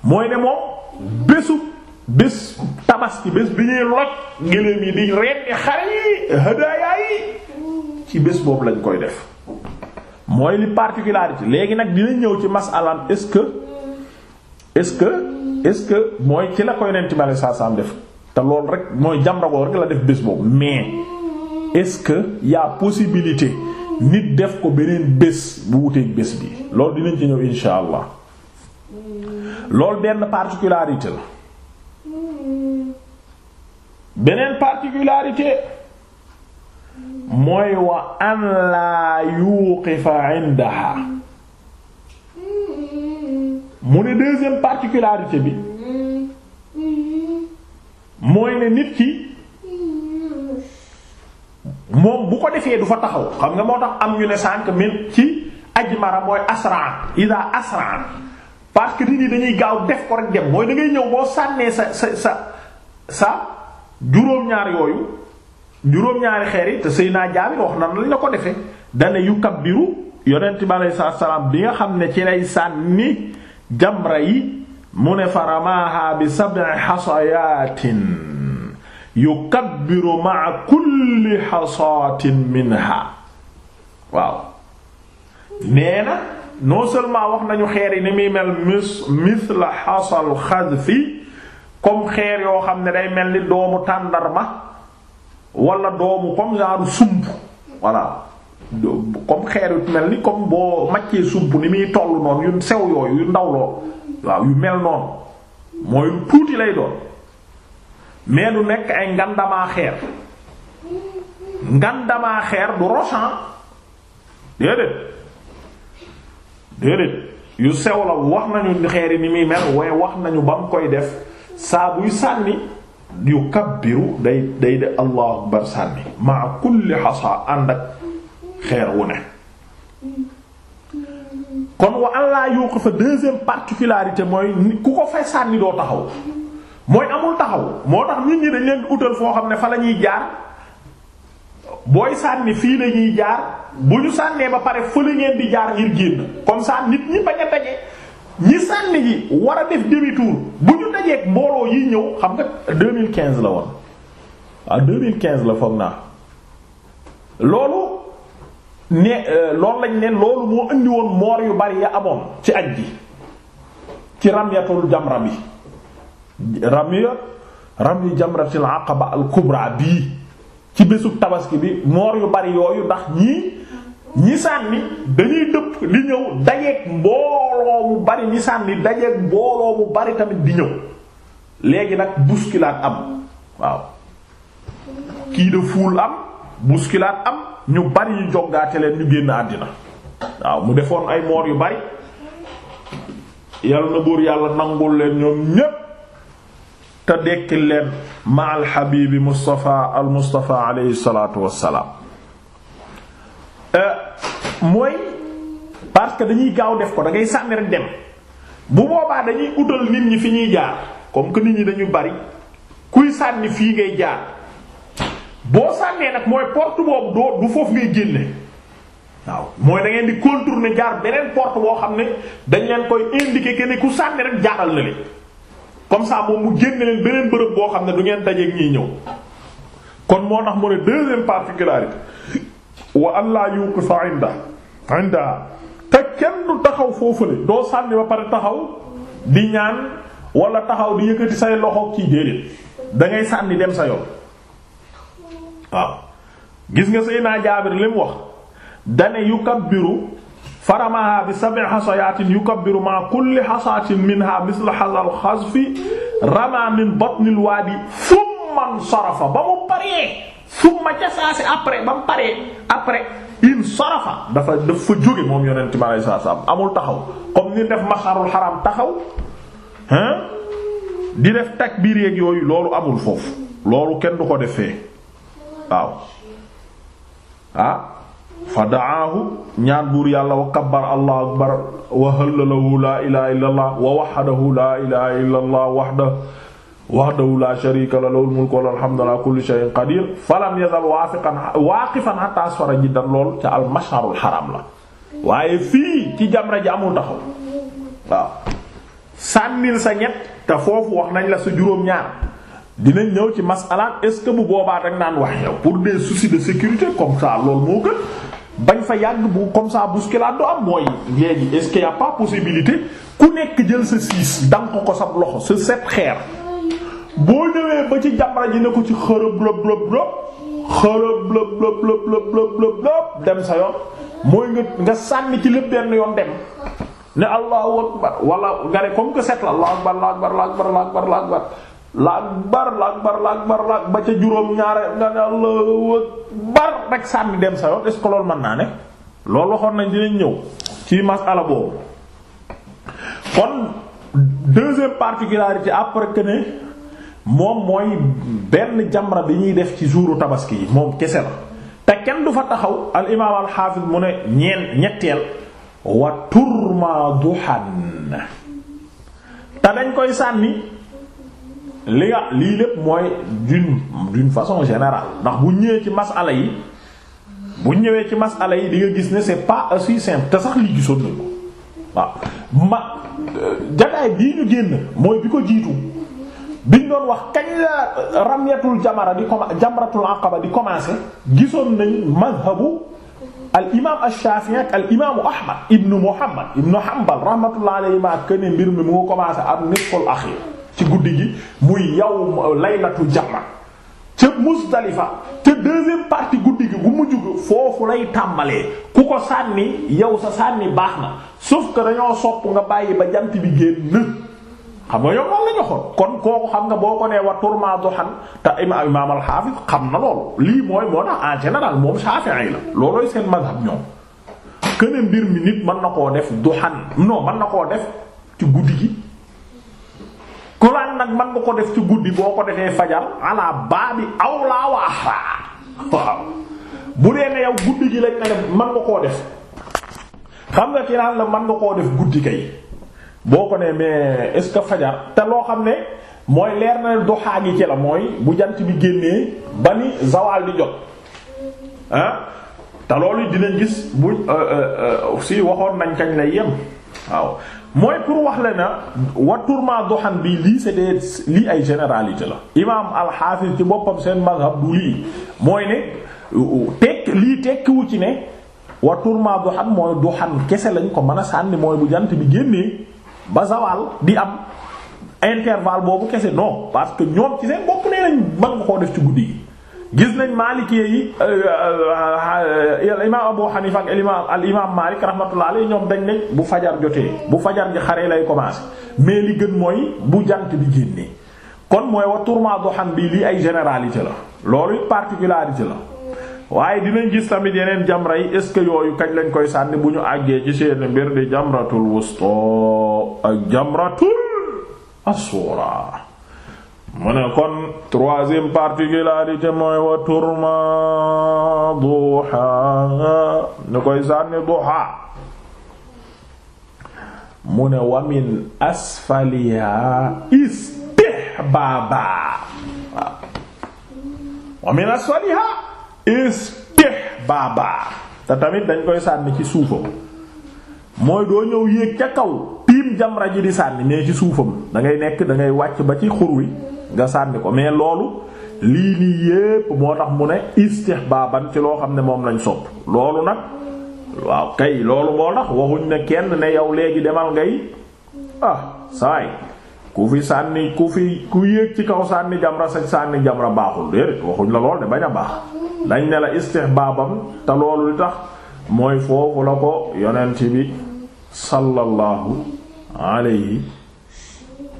Speaker 1: mooy ne moom bésu bés tabaski bés bi ñuy loj gëléem yi di rendi
Speaker 2: xar yi hadaaya yi
Speaker 1: ci bés boobu lañ koy def mooy li particularité léegi nag dina ñëw ci masalaan est-ce que est-ce que est-ce que mooy ci la koy neen ci bale saasaam def te loolu rek mooy jamragoo rek la def bés boobu mais est-ce que y a possibilité nit def ko beneen bés bu wuteeg bés bi loolu dinañ ci ñëw insha allah loolu benn particularité la beneen particularité mooy wa an laa yuqifa indaha mu ne deuxième particularité bi mooy ne nit ki moom bu ko defee du fa taxaw xam nga moo tax am ñu ne sànq min ci ajmara mooy asra ida asra parce que nit ñi dañuy gaaw def ko rek dem mooy da ñëw boo sànnee sa sa sa sa juróom-ñaar yooyu juróom-ñaari xeer yi te Seydina Jaabir wax na lañ la ko defe dane yu kabbiru yonent bi aleyhi salaam bi nga xam ne ci lay sànni jamra yi mu ne faramaaha bi sab'i xasayaatin yu kabbiru ma'a kulli xasaatin minha waaw nee na non seulement wax nañu xeer yi ni muy mel mis misla xasal xadfi comme xeer yoo xam ne day mel ni doomu tàndarma wala doomu comme genre sump voilà comme xeer yu mel ni comme boo màccee sump ni muy toll noonu yu sew yooyu yu ndawloo waaw yu mel noonu mooy tuuti lay doon mais du nekk ay ngandamaa xeer ngandamaa xeer du rochant déedéet déedéet yu sew la wax nañu xeer yi ni muy mel waaye wax nañu bam koy def saa sànni yu kabbiru day day de allahu akbar sànni maa kulli xasaa ànd ak xeer wu ne kon wa an laa yuuq fa deuxième particularité mooy ku ko fay sànni doo taxaw mooy amul taxaw moo tax nit ñi dañ utal foo xam ne fa la ñuy jaar booy sànni fii la ñuy jaar bu ñu sànnee ba pare fële ngeen di jaar ngir génn comme ça nit ñi bañ a daje ñi sànni ji war a def demi bu ñu dajeek mbooloo yi ñëw xam nga 2015 la woon waaw 2015 la foog naa loolu ne euh, loolu lañ ne loolu moo indi woon moor yu bari ya amoon ci aj ji ci ramyatul jamra bi ramya ramyu jamratil aqaba al kubra bii ci bésu tabaski bi moor yu bari yooyu ndax ñii ñi sànni dañuy dëpp li ñëw dajeeg mbooloo mu bari ñi sànni dajeeg mbooloo mu bari tamit di ñëw léegi nag bousculade am waaw kii de foule am bousculade am ñu bari ñu joggaate leen ñu génn àddina waaw mu defoon ay moor yu bari yal na buur yàlla nangul leen ñoom ñépp te dekkil leen ma alxabibi Mustafa al Mustafa aleyhi wassalaam mooy parce que dañuy gaaw def ko dangay ngay sànni rek dem bu boobaa dañuy utal nit ñi fi ñuy jaar comme que nit ñi dañu bari kuy sànni fii ngay jaar boo sànnee nag mooy porte boobu doo du foofu ngay génne waaw mooy da di di contourner jaar beneen porte boo xam ne dañ leen koy indiquer que ne ku sànni rek jaaral na leen comme ça moom mu génne leen beneen bërëb boo xam ne du ngeen dajeeg ñiy ñëw kon moo tax mu ne deuxième particularité wa allah yuqifa inda inda te kenn du taxaw foofule doo sànni ba pare taxaw di ñaan wala taxaw di yëkkati say loxo ci déedéet da ngay sànni dem sa gis nga Seydina Jaabir li mu wax dane yukabbiru faramaha bi sab'i hasayaatin yukabbiru ma kulli hasaatin minha misla hasal xasfi rama min batnil waadi thumma sarafa ba mu paree summa ca saa après ba mu paree après in sarafa dafa dafa jóge moom yonent ma lay saa amul taxaw comme ni def maxarul xaram taxaw hein di def takbiir yéeg yooyu loolu amul foofu loolu kenn du ko defee waaw ah, fa da'aahu ñaan buur yàlla wa kabbar allah akbar wa hallalahu laa ilaha illa allah wa wahdahu laa ilaha illa allah wahdahu wax wahdahu la sharika la lahul mulku wa lahul hamdu ala kulli shay'in qadir falam yazal waafiqan waaqifan hatta asfara jiddan lool ca al mash'arul haram la waaye fii ci jamra ji amul taxaw waaw sànnil sa ñett te foofu wax nañ la sa juróom-ñaar dinañ ñëw ci masalaat est-ce que bu boobaa rek naan wax yow pour des soucis de sécurité comme ça moo gën bañ fa yàgg bu comme ça bousculade do am mooy léegi est-ce pas possibilité ku nekk jël sa siis dank ko sab loxo sa set boo ñëwee ba ci jamra ji ne ko ci xërëb lëb lëb lëb xërëb lëb lëb lëb lëb lëb lëb dem sa yoon mooy nga nga sànni ci lépp benn yoon dem ne allahu akbar wala nga ne comme que set la allahu akbar allahu akbar allahu akbar allahu akbar laakbar laakbar laakbar laak ba ca juróom ñaare nga ne allahu akbar rek sànni dem sa yoon est-ce que loolu mën naa ne loolu waxoon nañ dinañ ñëw ci masala boobu kon deuxième particularité après que ne moom mooy benn jamra bi ñuy def ci jouru tabaski yi moom kese la te kenn du fa taxaw al imaam al xaafis mu ne ñetteel wa turma duhan te dañ koy sànni li nga lii lépp mooy d'une d'une façon générale ndax bu ñëwee ci mas masala yi bu ñëwee ci masala yi di gis ne c'est pas aussi simple te sax lii gisoon nañ ko waaw ma euh, jataay bii ñu génn mooy bi ko jiitu biñ doon wax kañ la ramyatul jamara di com jamratul aqaba di commencé gisoon nañ madhabu al imaam ash-Shafi'i ak al imaamu Ahmad ibnu Muhammad ibnu Hanbal rahmatullahi alayhi ma ak ne mbir mi mu ngi commencé am nisful axiir ci guddi gi muy yow laylatul jamra ca Muzdalifa te deuxième partie guddi gi bu mujj foofu lay tàmbalee ku ko sànni yow sa sànni baax na sauf que dañoo sopp nga bàyyi ba jant bi génn. xam nga ñoom loolu la joxoon kon kooku xam nga boo ko nee wa turma duhan te imaam imaam al-Hafiz xam na loolu lii mooy moo tax en général moom Shafi'i la loolooy seen mazhab ñoom këne mbir mi nit mën na koo def duhan non man na koo def ci guddi gi Quran nag mën nga koo def ci guddi boo ko defee fajar ala baabi awlaa wa ahra waaw yow guddi gi lañ ne mën nga koo def xam nga ki naan la mën nga koo def guddi kay boo ko nee mais est-ce que fajar te loo xam ne mooy leer na doxaa gi ci la mooy bu jant bi génnee ba ni zawaal di jot ah te loolu dinañ gis bu euh, euh, euh, si waxoon nañ kañ lay yem waaw mooy pour wax la na wa turma doxan bi lii c'était lii ay généralité la imaam alxaafis ci boppam seen mazhab du lii mooy ne lii tekkiwu ci ne wa turma doxan mooy doxan kese lañ ko mën a sànni mooy bu jant bi génnee ba zawal di am intervalle boobu kese non parce que ñoom ci seen bopp nañ mën nga koo def ci guddi gis nañ Maliki yi al euh, euh, euh, imaam Abu Hanifa ak imaam al imaam Malik rahmatullah alayhi ñoom dañ ne bu fajar jotee bu fajar gi xaree lay commencer mais li gën mooy bu jant bi génnee kon mooy wax turma doxan bii lii ay généralité la loolu particularité la. waaye dinañ gis tamit yeneen jamra yi est-ce que yooyu kañ lañ koy sànni bu ñu àggee ci seen mbir di jamratul wusta ak jamratul asura mu ne kon troisième particularité mooy wa turma duha koy sànni duha mu ne wa min asfaliha istihbaba wa min istihbaba te tamit dañ koy sànni ci suufam mooy doo ñëw yéeg ca kaw piim jamra ji di sànni mais ci suufam da ngay nekk dangay wàcc ba ci xur wi nga sànni ko mais loolu lii nii yépp moo tax mu ne istihbaban ci loo xam ne moom lañ sopp loolu nag waaw kay loolu moo tax waxuñ ne kenn ne yow léegi demal ngay ah saay ku fi sànni ku fi ku yéeg ci kaw sànni jamra sa sànni jamra baaxul déedéet waxuñ la lool de bañ a baax dañ ne la istihbaabam te loolu li tax mooy foofu la ko yonent bi sallallahu alayhi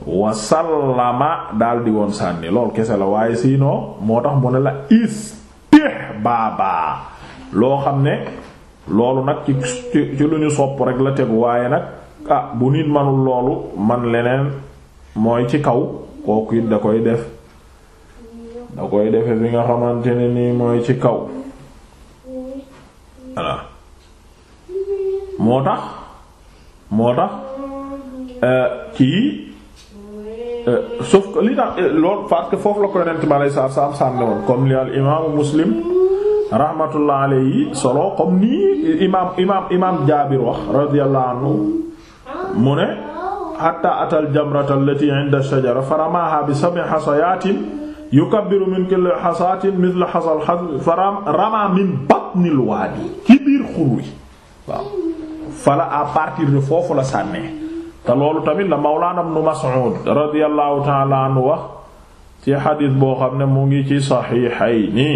Speaker 1: wasallama daldi woon sànni lool kese la waaye siinoo moo tax mu ne la istihbaaba loo xam ne loolu nag ci ci lu ñu sopp rek la tegu waaye nag ah bu nit manul loolu man leneen mooy ci kaw kooku it da koy def da koy defe fi nga xamante ne nii mooy ci kaw voilà moo tax moo tax euh, kii euh, sauf que li tax euh, loolu parce que foofu la ko yonent ma lay saar saam sànne woon comme li al imaamu muslim rahmatullah alayhi solo comme nii imaam imaam imaam jaabir wax radiyallahu anhu mu ne hatta atal jamrata allati inda shajara faramaha bi sab'i hasayaatin yukabbiru min kulli hasatin mithla hasal hadr faram rama min batnil waadi ci biir xur wi waaw fala à partir de foofu la sànnee te loolu tamit la mawlaana ibn Mas'ud radiyallahu ta'ala anhu wax ci xadis boo xam ne mu ngi ci saxiixayni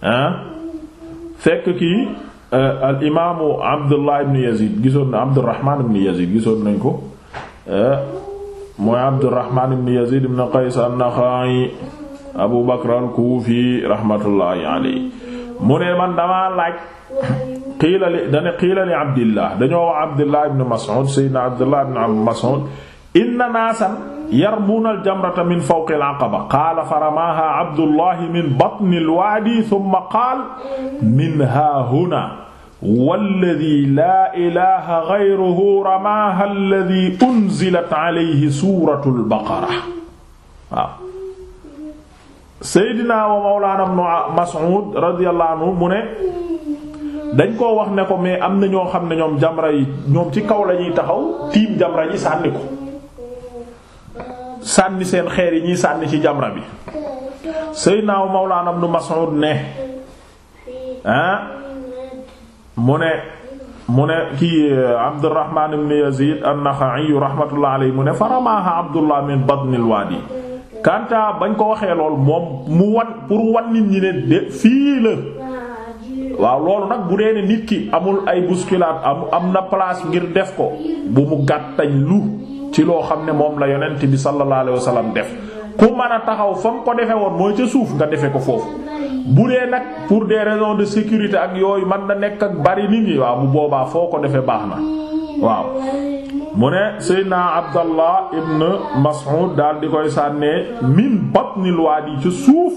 Speaker 1: ah fekk kii eh, al imaamu Abdullah ibn Yazid gisoon na Abdurrahman ibn Yazid gisoon nañ ko eh. mooy Abdurrahman ibn Yazid ibn Qays an-Naxa'i abu bakr al kuufi raxmatullaahi alayhi mu ne man damaa laaj qiila li dane qiila li abdillah dañoo wax abdillah ibn mas'ud sayyidina abdillah ibn mas'ud inna naasan yarmuuna aljamrata min fawqi alaqaba qaala faramaaha abdullah min batni alwaadi thumma qaala min haahuna walladi laa ilaha gayruhu ramaaha alladi unzilat alayhi suuratu albaqara waaw Seydina wa Mawlana ibn Mas'ud mu ne dañ koo wax ne ko mais am na ñoo xam ne ñoom jamra yi ñoom ci kaw la ñuy taxaw tiim jamra yi sànni ko sànni seen xeer yi ñuy sànni ci jamra bi Seydina wa Mawlana ibn Mas'ud ne ah mu ne mu ne kii eh, Abdurrahman ibn Yazid an-Nakha'i rahmatullahi alayhi mu ne faramaha Abdullah min batnil wadi kanta bañ ko waxee lool moom mu wan pour wan nit ñi ne de fii la waaw loolu nag bu dee ne nit ki amul ay bousculade am am na place ngir def ko bu mu gàttañ lu ci loo xam ne moom la yonent bi sallallahu alayhi wasallam def ku mën a taxaw fa mu ko defe woon mooy ca suuf nga defee ko foofu bu dee nag pour des raisons de sécurité ak yooyu man na nekk ak bari nit ñi waaw bu boobaa foo ko defee baax na waaw mu ne Seydina Abdallah ibn Mas'ud daal di koy sànnee min batnil waadi ci suuf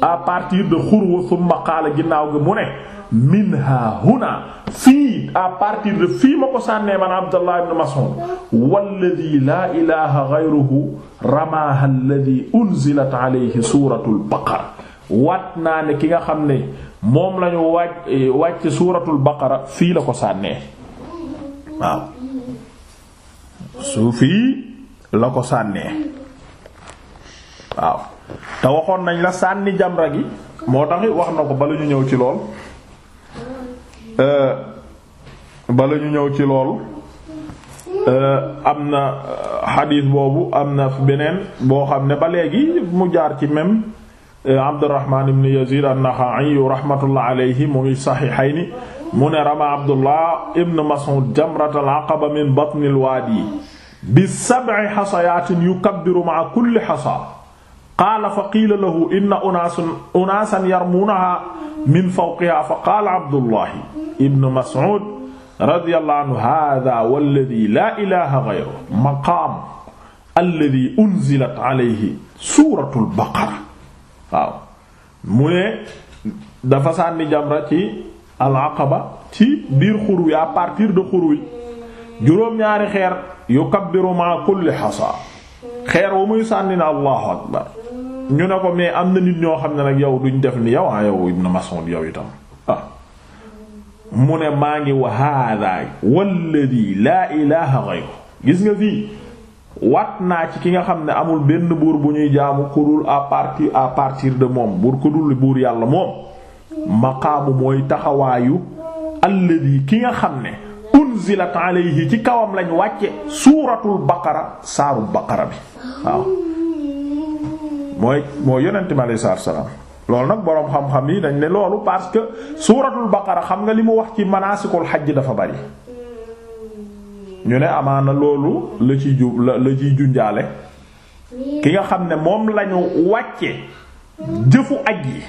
Speaker 1: à partir de xurwa summa qaala ginnaaw gi mu ne min ha fii à partir de fii ma ko sànnee man Abdallah ibn Mas'ud walladi laa ilaha ghayruhu ramaaha alladi unzilat alayhi suratul baqara waat naa ne ki nga xam ne moom lañu wàcc eh, wàcc suratul baqara fii la ko sànnee waaw suuf la ko sànnee waaw te waxoon nañ la sànni jamra gi moo tax wax na ko bala ñu ñëw ci lool euh, bala ñu ñëw ci lool euh, am na euh, xadiis boobu am na beneen boo xam ne ba léegi mu jaar ci même Abdurrahman ibn Yazid an-Nakha'i rahmatullah alayhi mu ngi saxiixayni mu ne rama Abdullah ibn Mas'ud jamratal aqaba min batnil waadi bi sab'i xasayaatin yukabbiru ma'a kulli xasa qaala fa qiila lahu inna unaasan unaasan yarmuunahaa min fawqihaa fa qaala Abdullahi Ibn Mas'ud radiyallahu anhu haadaa walladii laa ilaaha ghayruhu maqaamu alladii unzilat alayhi suuratul baqara waaw mu ne dafa sànni jamra ci al-Aqaba ci biir xur wi à partir de xur wi juróom-ñaari xeer. yukabbiru ma kulli hasa xeer wu muy sànni na allahu akbar ñu ne ko mais am na nit ñoo xam ne nag yow duñu def ni yow ah yow Ibn Mas'ud yow itam ah mu ne maa ngi wa hada walladi laa ilaha ghayru gis nga fii wat naa ci ki nga xam ne amul benn buur bu ñuy jaamu ku dul à partir de moom buur ku dul buur yàlla moom maqaamu mooy taxawaayu alladi ki nga xam ne unzilat yi ci kawam lañu wàcce suuratul baqara saaru baqara bi waaw mooy moo yonent bi alayhi salaatu salaam loolu nag boroom xam-xam yi dañ ne loolu parce que suuratul baqara xam nga li mu wax ci manaasikul xaj dafa bari ñu ne amaana loolu la ciy ju la la ciy junjaale ki nga xam ne moom lañu wàcce jëfu aj yi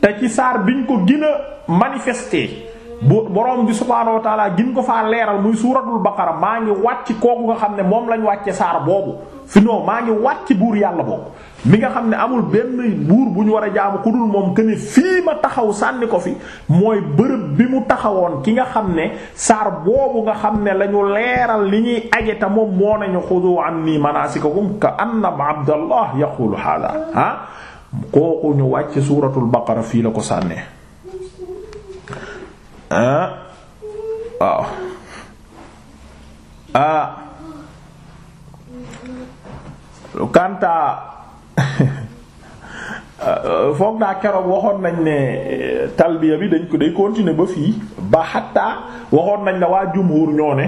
Speaker 1: te ci saar biñ ko gën a bu borom bi subhaanahu wa taala gin ko faa leeral muy suuratul baqara maa ngi wàcc kooku nga xam ne moom lañu wàcce saar boobu fi non maa ngi wàcc buur yàlla boobu mi nga xam ne amul benn buur bu ñu war a jaamu ku dul moom que ne fii ma taxaw sànni ko fi mooy bërëb bi mu taxawoon ki nga xam ne saar boobu nga xam ne lañu leeral li ñuy aje te moom moo nañu xudu anni manasikakum ka anna abdallah yaqulu hada ah kooku ñu wàcc suuratul baqara fii la ko sànnee ah waaw ah lu kanta foog naa keroog waxoon nañ ne eh, talbiya bi dañ ko day continuer ba fii ba xatta waxoon nañ la waa jumhur ñoo ne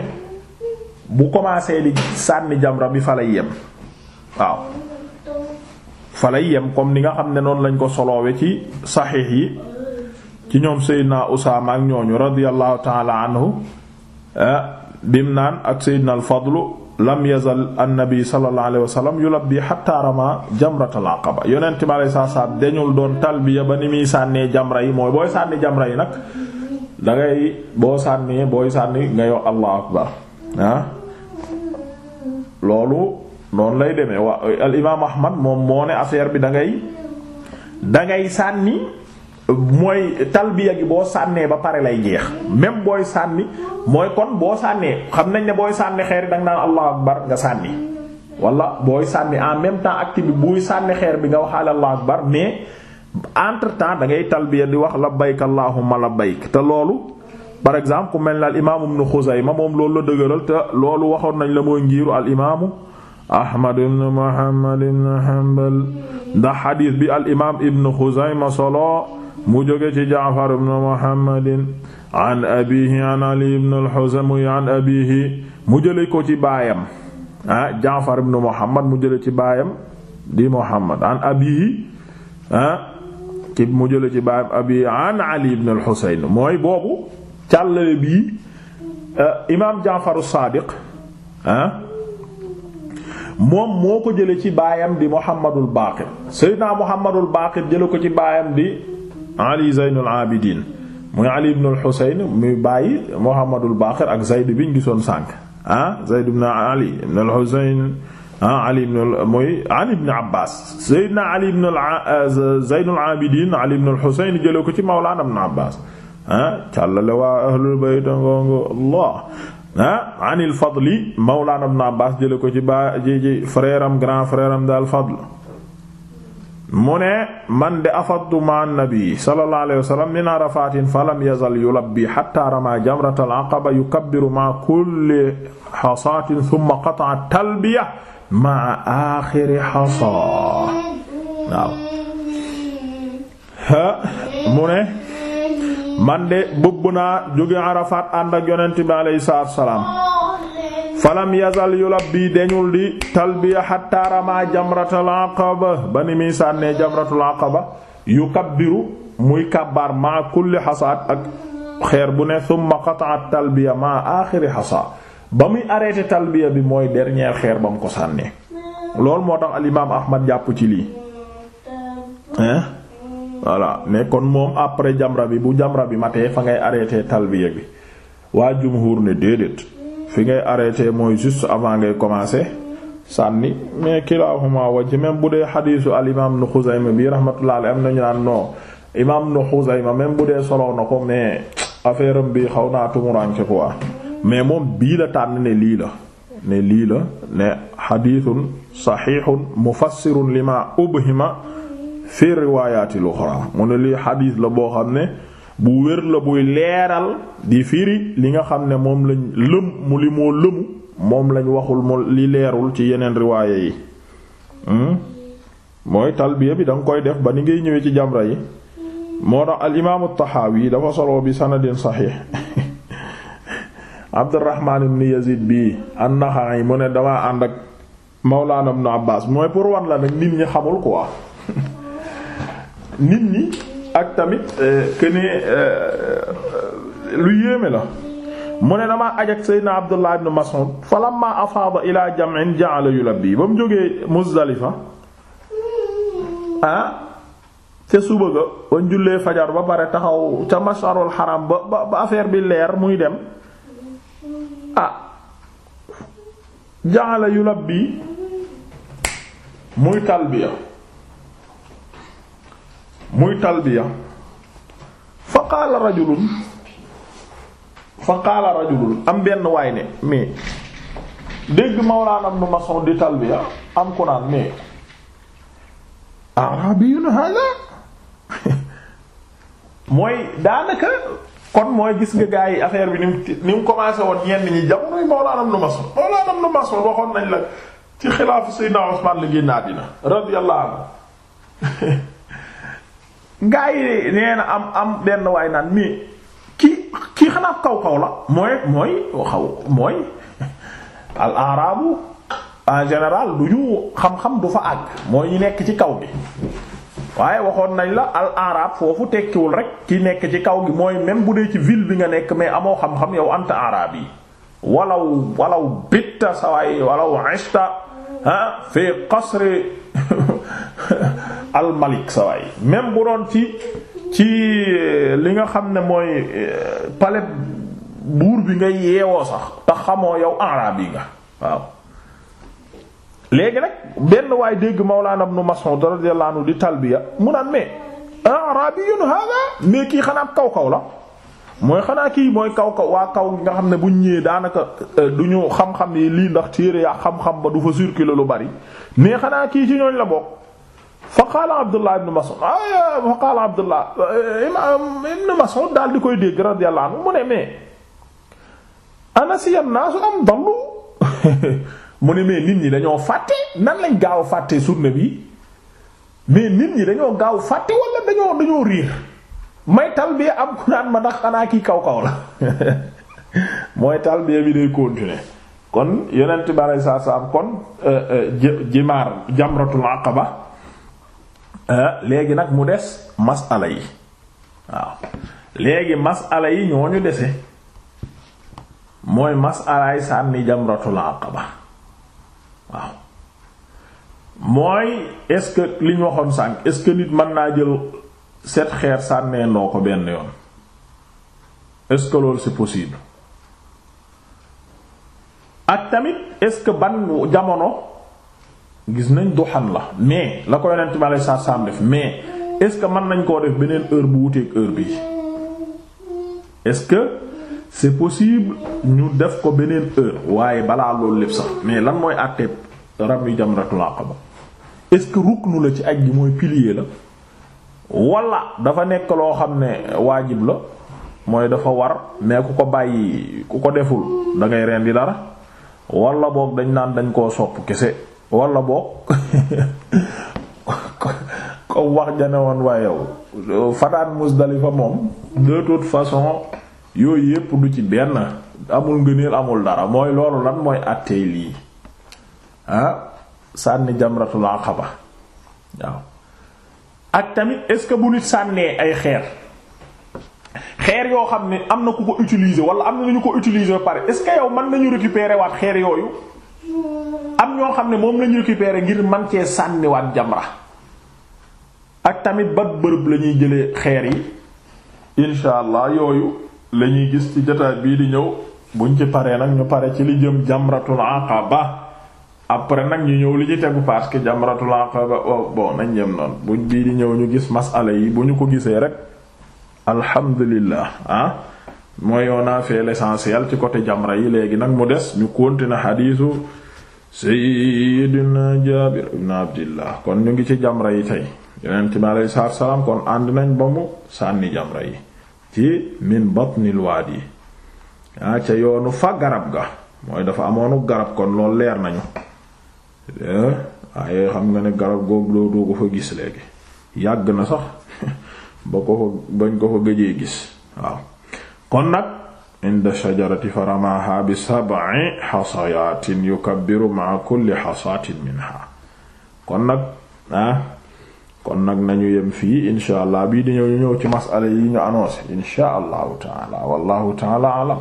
Speaker 1: bu commencé li sànni jamra bi fa lay yem waaw fa lay yem comme ni nga xam ne noonu lañ ko soloowe ci saxiix yi ci ñoom Seydina Usaama ak ñooñu radiyallahu taala anhu eh, bim naan ak Seydina al-Fadlu lam yazal annabi sallallahu alayhi wa sallam yulabbi hatta rama jamratal aqaba yonent dañul doon talbiya ba ni muy sànnee jamra yi mooy booy sànni jamra yi nag da ngay boo sànnee booy sànni nga yow allah akbar ah. loolu noonu lay demee waa al imaam Ahmad moom moo ne affaire bi dangay ngay sànni. mooy talbiya gi boo sànnee ba pare lay jeex même booy sànni mooy kon boo sànnee xam nañ ne booy sànni xeer danga daan allahu bar nga sànni wala booy sànni en même temps acte bi buy sànni xeer bi nga waxaale allahu akbar mais entre temps da ngay talbiya di wax labbayk allahumma labbayk te loolu par exemple ku mel ne al imaamu ibnu Xuzayma moom loolu la dëgëral te loolu waxoon nañ la mooy ngiiru al imaamu Ahmad ibn Muhammad ibn Hanbal ndax xadiis bi al imaam ibnu mu jóge ci jaafar ibn muhammadin mu jële ko ci baayam ah jaafar ibn muhammad mu jële ci baayam di muhammad an ah, mu jële ci baayam abihi an ali ibn al-husayn mooy boobu càllale bii eh, imaam jaafaru saadiq ah, moom moo ko jële ci baayam di muhammadul baaqir seydina muhammadul baaqir jële ko ci baayam di ali zeynul abidin muy ali ibn al xuseyn muy bàyyi muhammadul baqir ak zeyd biñ gisoon sànk ah zeyd ah, ali ibn al muy an ibn abbas seydna ali ibn ah, zeynul abidin jële ko ci mawlana ibn abbas ah càllale waa ahlul bayt ngongo allah ah an al fadli mawlana ibn ko ci ba ji ji grand frère daal fadl mu ne man de afadtu ma nabi sallallahu alayhi wasallam min arafatin falam yazal yulabbi hatta rama jamrat al aqaba yukabbiru ma kulli hasatin thumma qata'a talbiya ma axiri hasa waaw mu ne man de bëbb naa jóge arafaat ànd ak yonent bi alayhi salaam falam yazal yulabbi deñul di talbiya hatta rama jamratul aqaba ba ni muy sànnee jamratul aqaba yukabbiru muy kabbaar ma kulli hasaat ak xeer bu ne thumma qata'a talbiya ma aaxiri hasaa ba muy arrêté talbiya bi mooy dernier xeer ba mu ko sànnee loolu moo tax al imaam jàpp ci lii hein voilà kon moom après jamra bi bu jamra bi matee fa ngay arrêté talbiya bi waa jumhuur ne déedéet fi ngay arrêté mooy juste avant ngay commencer sànni mais kilaahuma wa ci même bu dee xadiisu al imaam nu Xuzayma bi rahmatullah alayhi am nañu naan non imaam nu Xuzayma même bu dee soloo na ko mais affaire am bi xaw naa tumuranke quoi mais moom bii la tànn ne lii la ne lii la ne xadiisun saxiixun mufassirun lima ubhima fi riwaayatil uxraa mu ne lii xadiis la boo xam ne bu wér la buy leeral di firi li nga xam ne moom lañ lëm mu li moo lëmu moom lañ waxul mu li leerul ci yeneen riwaaye yi hmm? mooy talbiya bi da koy def ba ni ngay ñëwee ci jamra yi moo tax al imaamu taxaawi dafa solo bi sanadin saxiix abdurahmaan ibn yazid bi an yi mu ne damaa ànd ak mawlaana ibn abbaas mooy pour wan la nag nit ñi xamul quoi nit ñi ak tamit euh, que ne euh, euh, lu yéeme la mu ne damaa aj ak Seydina Abdullah ibn Mas'ud falamma afaada ila jam'in ja'ala yulabbi ba mu jógee Muzdalifa ah ca suba ga ba njullee fajar ba pare taxaw ca masharul haram ba ba affaire bi leer muy dem ah ja'ala yulabbi muy talbiya muy talbiya fa qaala rajulun fa am benn waay ne mais dégg mawlaana Ibn Mas'ud di talbiya am ku naan mais arabiyun hada mooy daanaka kon mooy gis nga gaa yi affaire bi ni mu ni mu commencé woon ñenn ñi jamonoy mawlaana Ibn Mas'ud mawlaana Ibn Mas'ud waxoon nañ la ci xilaafu Sayyidina Usmaan la génn àddina radiyallahu anhu ngaa yi na am am benn waay naan mais kii kii xanaa kaw kaw la mooy mooy xaw mooy al arabu en général du ñu xam-xam du fa àgg mooy ñu nekk ci kaw bi waaye waxoon nañ la al arab foofu tekkiwul rek ki nekk ci kaw gi mooy même bu dee ci ville bi nga nekk mais amoo xam-xam yow ant arab yi walaw walaw bitta sawaay walaw ishta ah fii qasri al malik sa waay même bu doon ci ci eh, li nga xam ne mooy eh, pale buur bi ngay yeewoo sax te xamoo yow araab yi nga waaw léegi nag benn waay dégg Mawlana Ibn Mas'ud radiyallahu anhu di talbiya mu naan mais arabiyun hada mais kii xanaa kaw kaw la mooy xanaa kii mooy kaw kaw waa kaw nga xam ne bu ñëwee daanaka euh, du ñu xam-xam yi lii ndax téere yaa xam-xam ba du fa kilo lu bari mais xanaa kii ci ñooñ la bokk fa qaala Abdullah ibn Mas'ud a fa qaala Abdullah euh, euh, ibn Mas'ud daal di koy dégg radiyallahu anhu mu ne mais anasiya naasu am dallu mu ne mais nit ñi dañoo fàtte nan lañ gaaw fàtte sunna bi mais nit ñi dañoo gaaw fàtte wala dañoo dañoo riir may talbiya am ku naan ma ndax xanaa kii kaw kaw la mooy talbiya bi day continuer kon yonent bi aleyhi salaatu salaam kon euh, euh, jimaar jamratul aqaba euh, léegi nag mu des masala yi waaw léegi masala yi ñoo ñu dese mooy masalaay sànni jamratul aqaba waaw mooy est-ce li ñu waxoon sànq est-ce que nit mën naa jël set xeer sànneendoo ko benn yoon est-ce que loolu c'est possible ak tamit est-ce que ban jamono gis nañ du duxan la mais la ko yonent bi aleyhi salaatu salaam def mais est-ce que mën nañ koo def beneen heure bu wuteeg heure bi est-ce que c'est possible ñu def ko beneen heure waaye balaa loolu lépp sax mais lan mooy àtteeb ram yu jamratul aqaba est-ce que ruknu la ci aj gi mooy pilier la wala dafa nekk loo xam ne waajib la mooy dafa war mais ku ko bàyyi ku ko deful dangay ngay rendi dara wala boog dañ naan dañ koo sopp kese wala boog comme wax ne woon waa yow fataan Musdalifa moom de toute façon yooyu yépp du ci benn amul ngëneel amul dara mooy loolu lan mooy àttee lii ah sànni jamratul aqaba waaw ak tamit est-ce que bu nit sànnee ay xeer xeer yoo xam ne am na ku ko utiliser wala am na lu ñu ko utiliser ba pare est-ce que yow mën nañu récupérer waat xeer yooyu am ñoo xam ne moom lañu récupérer ngir man cee sànni sànniwaat jamra ak tamit bat bërëb lañuy jëlee xeer yi insha allah yooyu lañuy gis ci jotaay bii di ñëw buñ ci paree nag ñu pare ci li jëm jamratul aqaba après nag ñu ñëw li ci tegu parce que jamratul aqaba oh, bon nañ ñem noonu buñ bii di ñëw ñu gis masala yi bu ñu ko gisee rek alhamdulillah ah mooy yoonaa fee l'essentiel ci côté jamra yi léegi nag mu des ñu continuer xadiisu Seydina Jaabir ibn Abdillah kon ñu ngi ci jamra yi tey yonent bi alayhi salaam kon ànd nañ ba mu sànni jamra yi ci min batnil waadi ah ca yoonu fa garab ga mooy dafa amoonu garab kon loolu leer nañu Eh? waaye xam nga ne garab googu doo ko fa gis léegi yàgg na sax ba ko fa bañ ko fa gëjee gis kon nag inda shajarati faramaha bi sab'i kon nag ah kon nag nañu yem fii insha allah bii di ñëw ñu ñëw ci masala yi ñu annoncé insha allahu taala wallahu taala alam